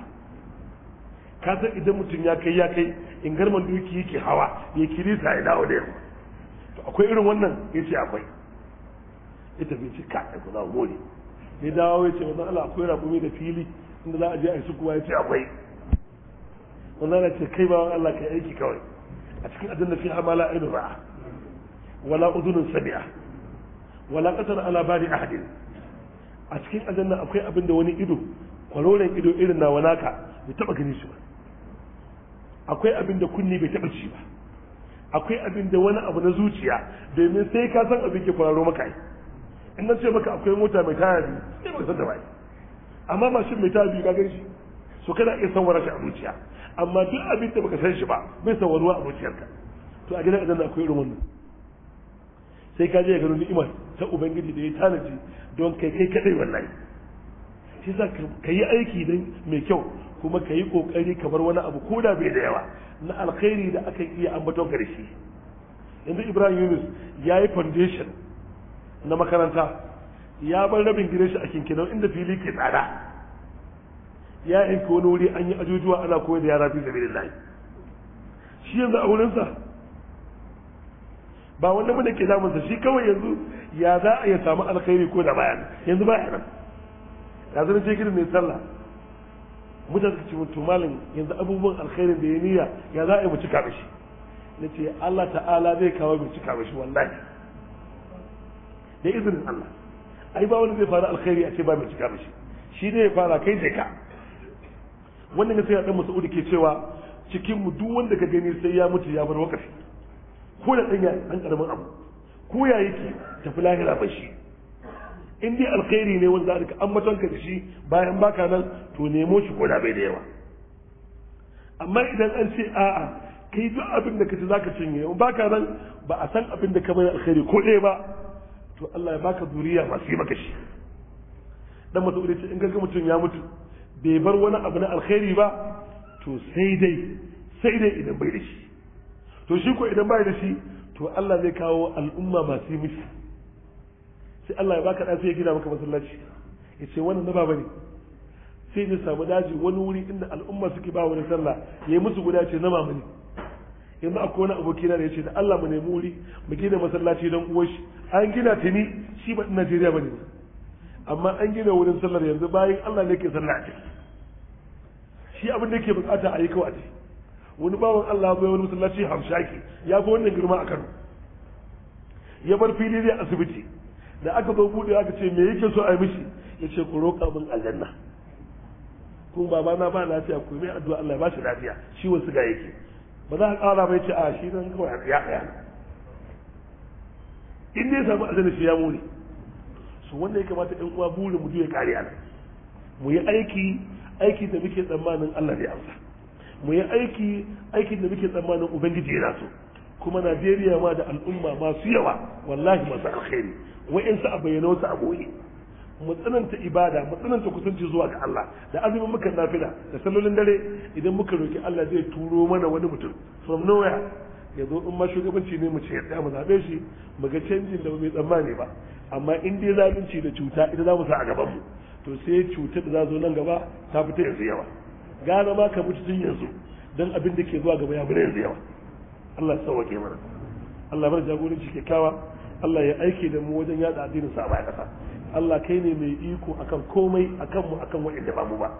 ka san idan mutum ya kai ya kai in garman doki yake hawa ya kirisa ya dawo da yamma to akwai irin wannan ya ce akwai ita bai ce ka ku za ya dawo ya ce wanda Allah akwai raƙumi da fili inda za a je a yi su kuwa ya ce akwai wanda na ce kai ba Allah yi aiki kawai a cikin da fi amala ainu ra'a wala udunun sami'a wala kasar ala bari ahadin a cikin nan akwai abin da wani ido kwaloren ido irin wana ka bai taba gani shi ba akwai abin da kunni bai taba ci ba akwai abin da wani abu na zuciya domin sai ka san abin ke kwararo maka in na ce maka akwai mota mai taya biyu sai ba san da bai amma mashin mai taya biyu ka gan shi so kana iya sawara shi a zuciya amma duk abin da baka san shi ba bai sanwaruwa a zuciyarka to a gidan idan akwai irin wannan sai ka je ga ni'imar ta ubangiji da ya tanaji don kai kai kadai wallahi shi za ka yi aiki dan mai kyau kuma ka yi kokari kamar wani abu ko da bai da yawa na alkhairi da aka iya ambaton karshe yanzu ibrahim yunus ya yi foundation na makaranta ya bar rabin gidan shi a kinkinan inda fili ke tsada ya yanke wani wuri an yi ajujuwa ana koyar da yara fi sabilillahi shi yanzu a wurinsa ba wanda mana ke damunsa shi kawai yanzu ya za a ya samu alkhairi ko da bayan yanzu ba ya nan Ya gidan mai sallah mutan su ce mutu yanzu abubuwan alkhairin da ya niya ya za a yi mu cika mishi na ce Allah ta'ala zai kawo mu cika mishi wallahi da izinin Allah ai ba wani zai fara alkhairi a ce ba mai cika mishi shi ne ya fara kai je ka wannan sai dan Mas'ud ke cewa cikin mu duk wanda ka gani sai ya mutu ya bar wakafi ko da dan dan karamin abu ko ya yake tafi lahira ba shi in dai alkhairi ne wanda aka ambaton ka da bayan baka nan to nemo shi ko da bai da yawa amma idan an ce a'a kai duk abin da ka ci zaka cinye ka nan ba a san abin da ka bai alkhairi ko ɗaya ba to Allah ya baka zuriya masu yi maka shi dan mutum ce in ga mutum ya mutu bai bar wani abu na alkhairi ba to sai dai sai dai idan bai da shi to shi ko idan bai da shi to Allah zai kawo al'umma masu yi mishi sai Allah ya baka da sai ya gina maka masallaci ya ce wannan na baba ne sai ya samu daji wani wuri inda al'umma suke ba wani sallah ya yi musu guda ce na mamani. ne yanzu akwai wani abokina da ya ce da Allah mu nemi wuri mu gina masallaci don uwar shi an gina ta ni shi ba Najeriya bane amma an gina wurin sallar yanzu bayan Allah ne ke sallar ta shi abin da yake bukata a yi kawai wani bawan Allah bai wani masallaci hamshaki ya fi wannan girma a Kano ya bar fili ne asibiti da aka zo bude aka ce me yake so a yi mishi ya ce ku roƙa min aljanna kun baba na ba lafiya ku mai addu'a Allah ya ba shi lafiya ciwon suga yake ba za a ƙara bai ce a shi nan kawai ya ɗaya in dai samu azana shi ya more su wanda ya kamata ɗan uwa burin mu ya kariya ana mu yi aiki aiki da muke tsammanin Allah ya amsa mu yi aiki aiki da muke tsammanin ubangiji ya so kuma Najeriya ma da al'umma masu yawa wallahi masu alkhairi wa'insu a bayyana wasu a boye mu tsananta ibada mu tsananta kusanci zuwa ga Allah da azumin muka nafila da sallolin dare idan muka roki Allah zai turo mana wani mutum from nowhere ya zo in ma shugabanci ne mu ce ya mu zabe shi mu ga canjin da bai tsammani ba amma in dai zalunci da cuta ita za mu sa a gaban mu to sai cutar da za zo nan gaba ta fita yanzu yawa gano ma ka mutu tun yanzu dan abin da ke zuwa gaba ya bari yanzu yawa Allah ya sauke mana Allah mana jagoranci kyakkyawa Allah ya aike da mu wajen yada addinin sa a bayan kasa Allah kai ne mai iko akan komai akan mu akan wa'inda ba mu ba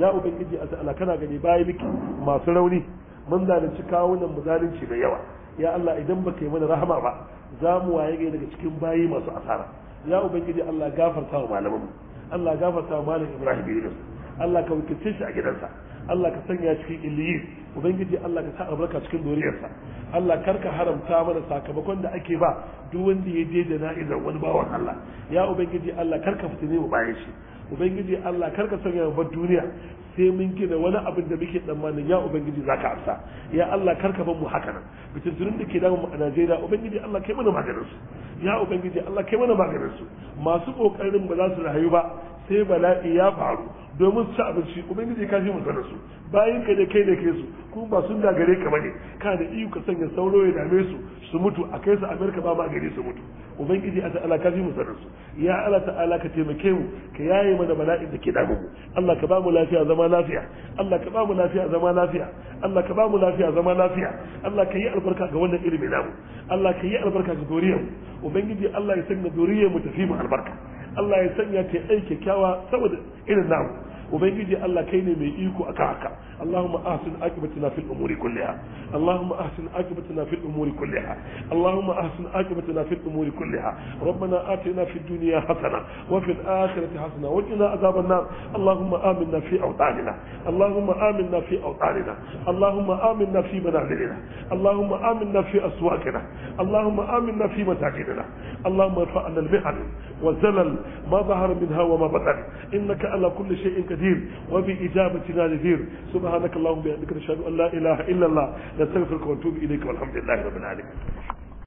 ya ubangiji Allah kana gani bayi miki masu rauni mun zalunci kawunan mu zalunci da yawa ya Allah idan baka yi mana rahama ba za mu waye gai daga cikin bayi masu asara ya ubangiji Allah gafarta wa malamin mu Allah gafarta wa malam Ibrahim Yunus Allah ka wakilce shi a gidansa Allah ka sanya cikin illiyin ubangiji Allah ka sa albarka cikin doriyarsa Allah kar ka haramta mana sakamakon da ake ba duk wanda ya je da na'izar wani bawan Allah ya ubangiji Allah kar karka fitine mu bayan shi ubangiji Allah kar ka sanya mu bar duniya sai mun gina wani abin da muke tsammanin ya ubangiji zaka amsa ya Allah karka bar mu haka nan fitintunin da ke damu mu a Najeriya ubangiji Allah kai mana maganin su ya ubangiji Allah kai mana maganin su masu kokarin ba za su rayu ba sai bala'i ya faru domin su ci abinci ubangiji ka shi mutane su bayan ka da kai ne ke su kuma ba sun gagare ka bane ka da iyu ka sanya sauro ya dame su su mutu a kai su amerika ba ma gari su mutu ubangiji a ta'ala ka shi mutane su ya ala ta'ala ka taimake mu ka yaye mana bala'in da ke damu mu Allah ka ba mu lafiya zama lafiya Allah ka ba mu lafiya zama lafiya Allah ka ba mu lafiya zama lafiya Allah ka yi albarka ga wannan ilimi namu Allah ka yi albarka ga doriyar mu ubangiji Allah ya sanya doriyar mu tafi mu albarka Allah ya sanya ta aiki kyawa saboda irin namu ubangiji Allah kai ne mai iko aka haka Allahumma ahsin aqibatina fil umuri kulliha Allahumma ahsin aqibatina fil umuri kulliha Allahumma ahsin aqibatina fil umuri kulliha Rabbana atina fid dunya hasana wa fil akhirati hasana قدير وبإجابتنا نذير سبحانك اللهم وبحمدك نشهد أن لا إله إلا الله نستغفرك ونتوب إليك والحمد لله رب العالمين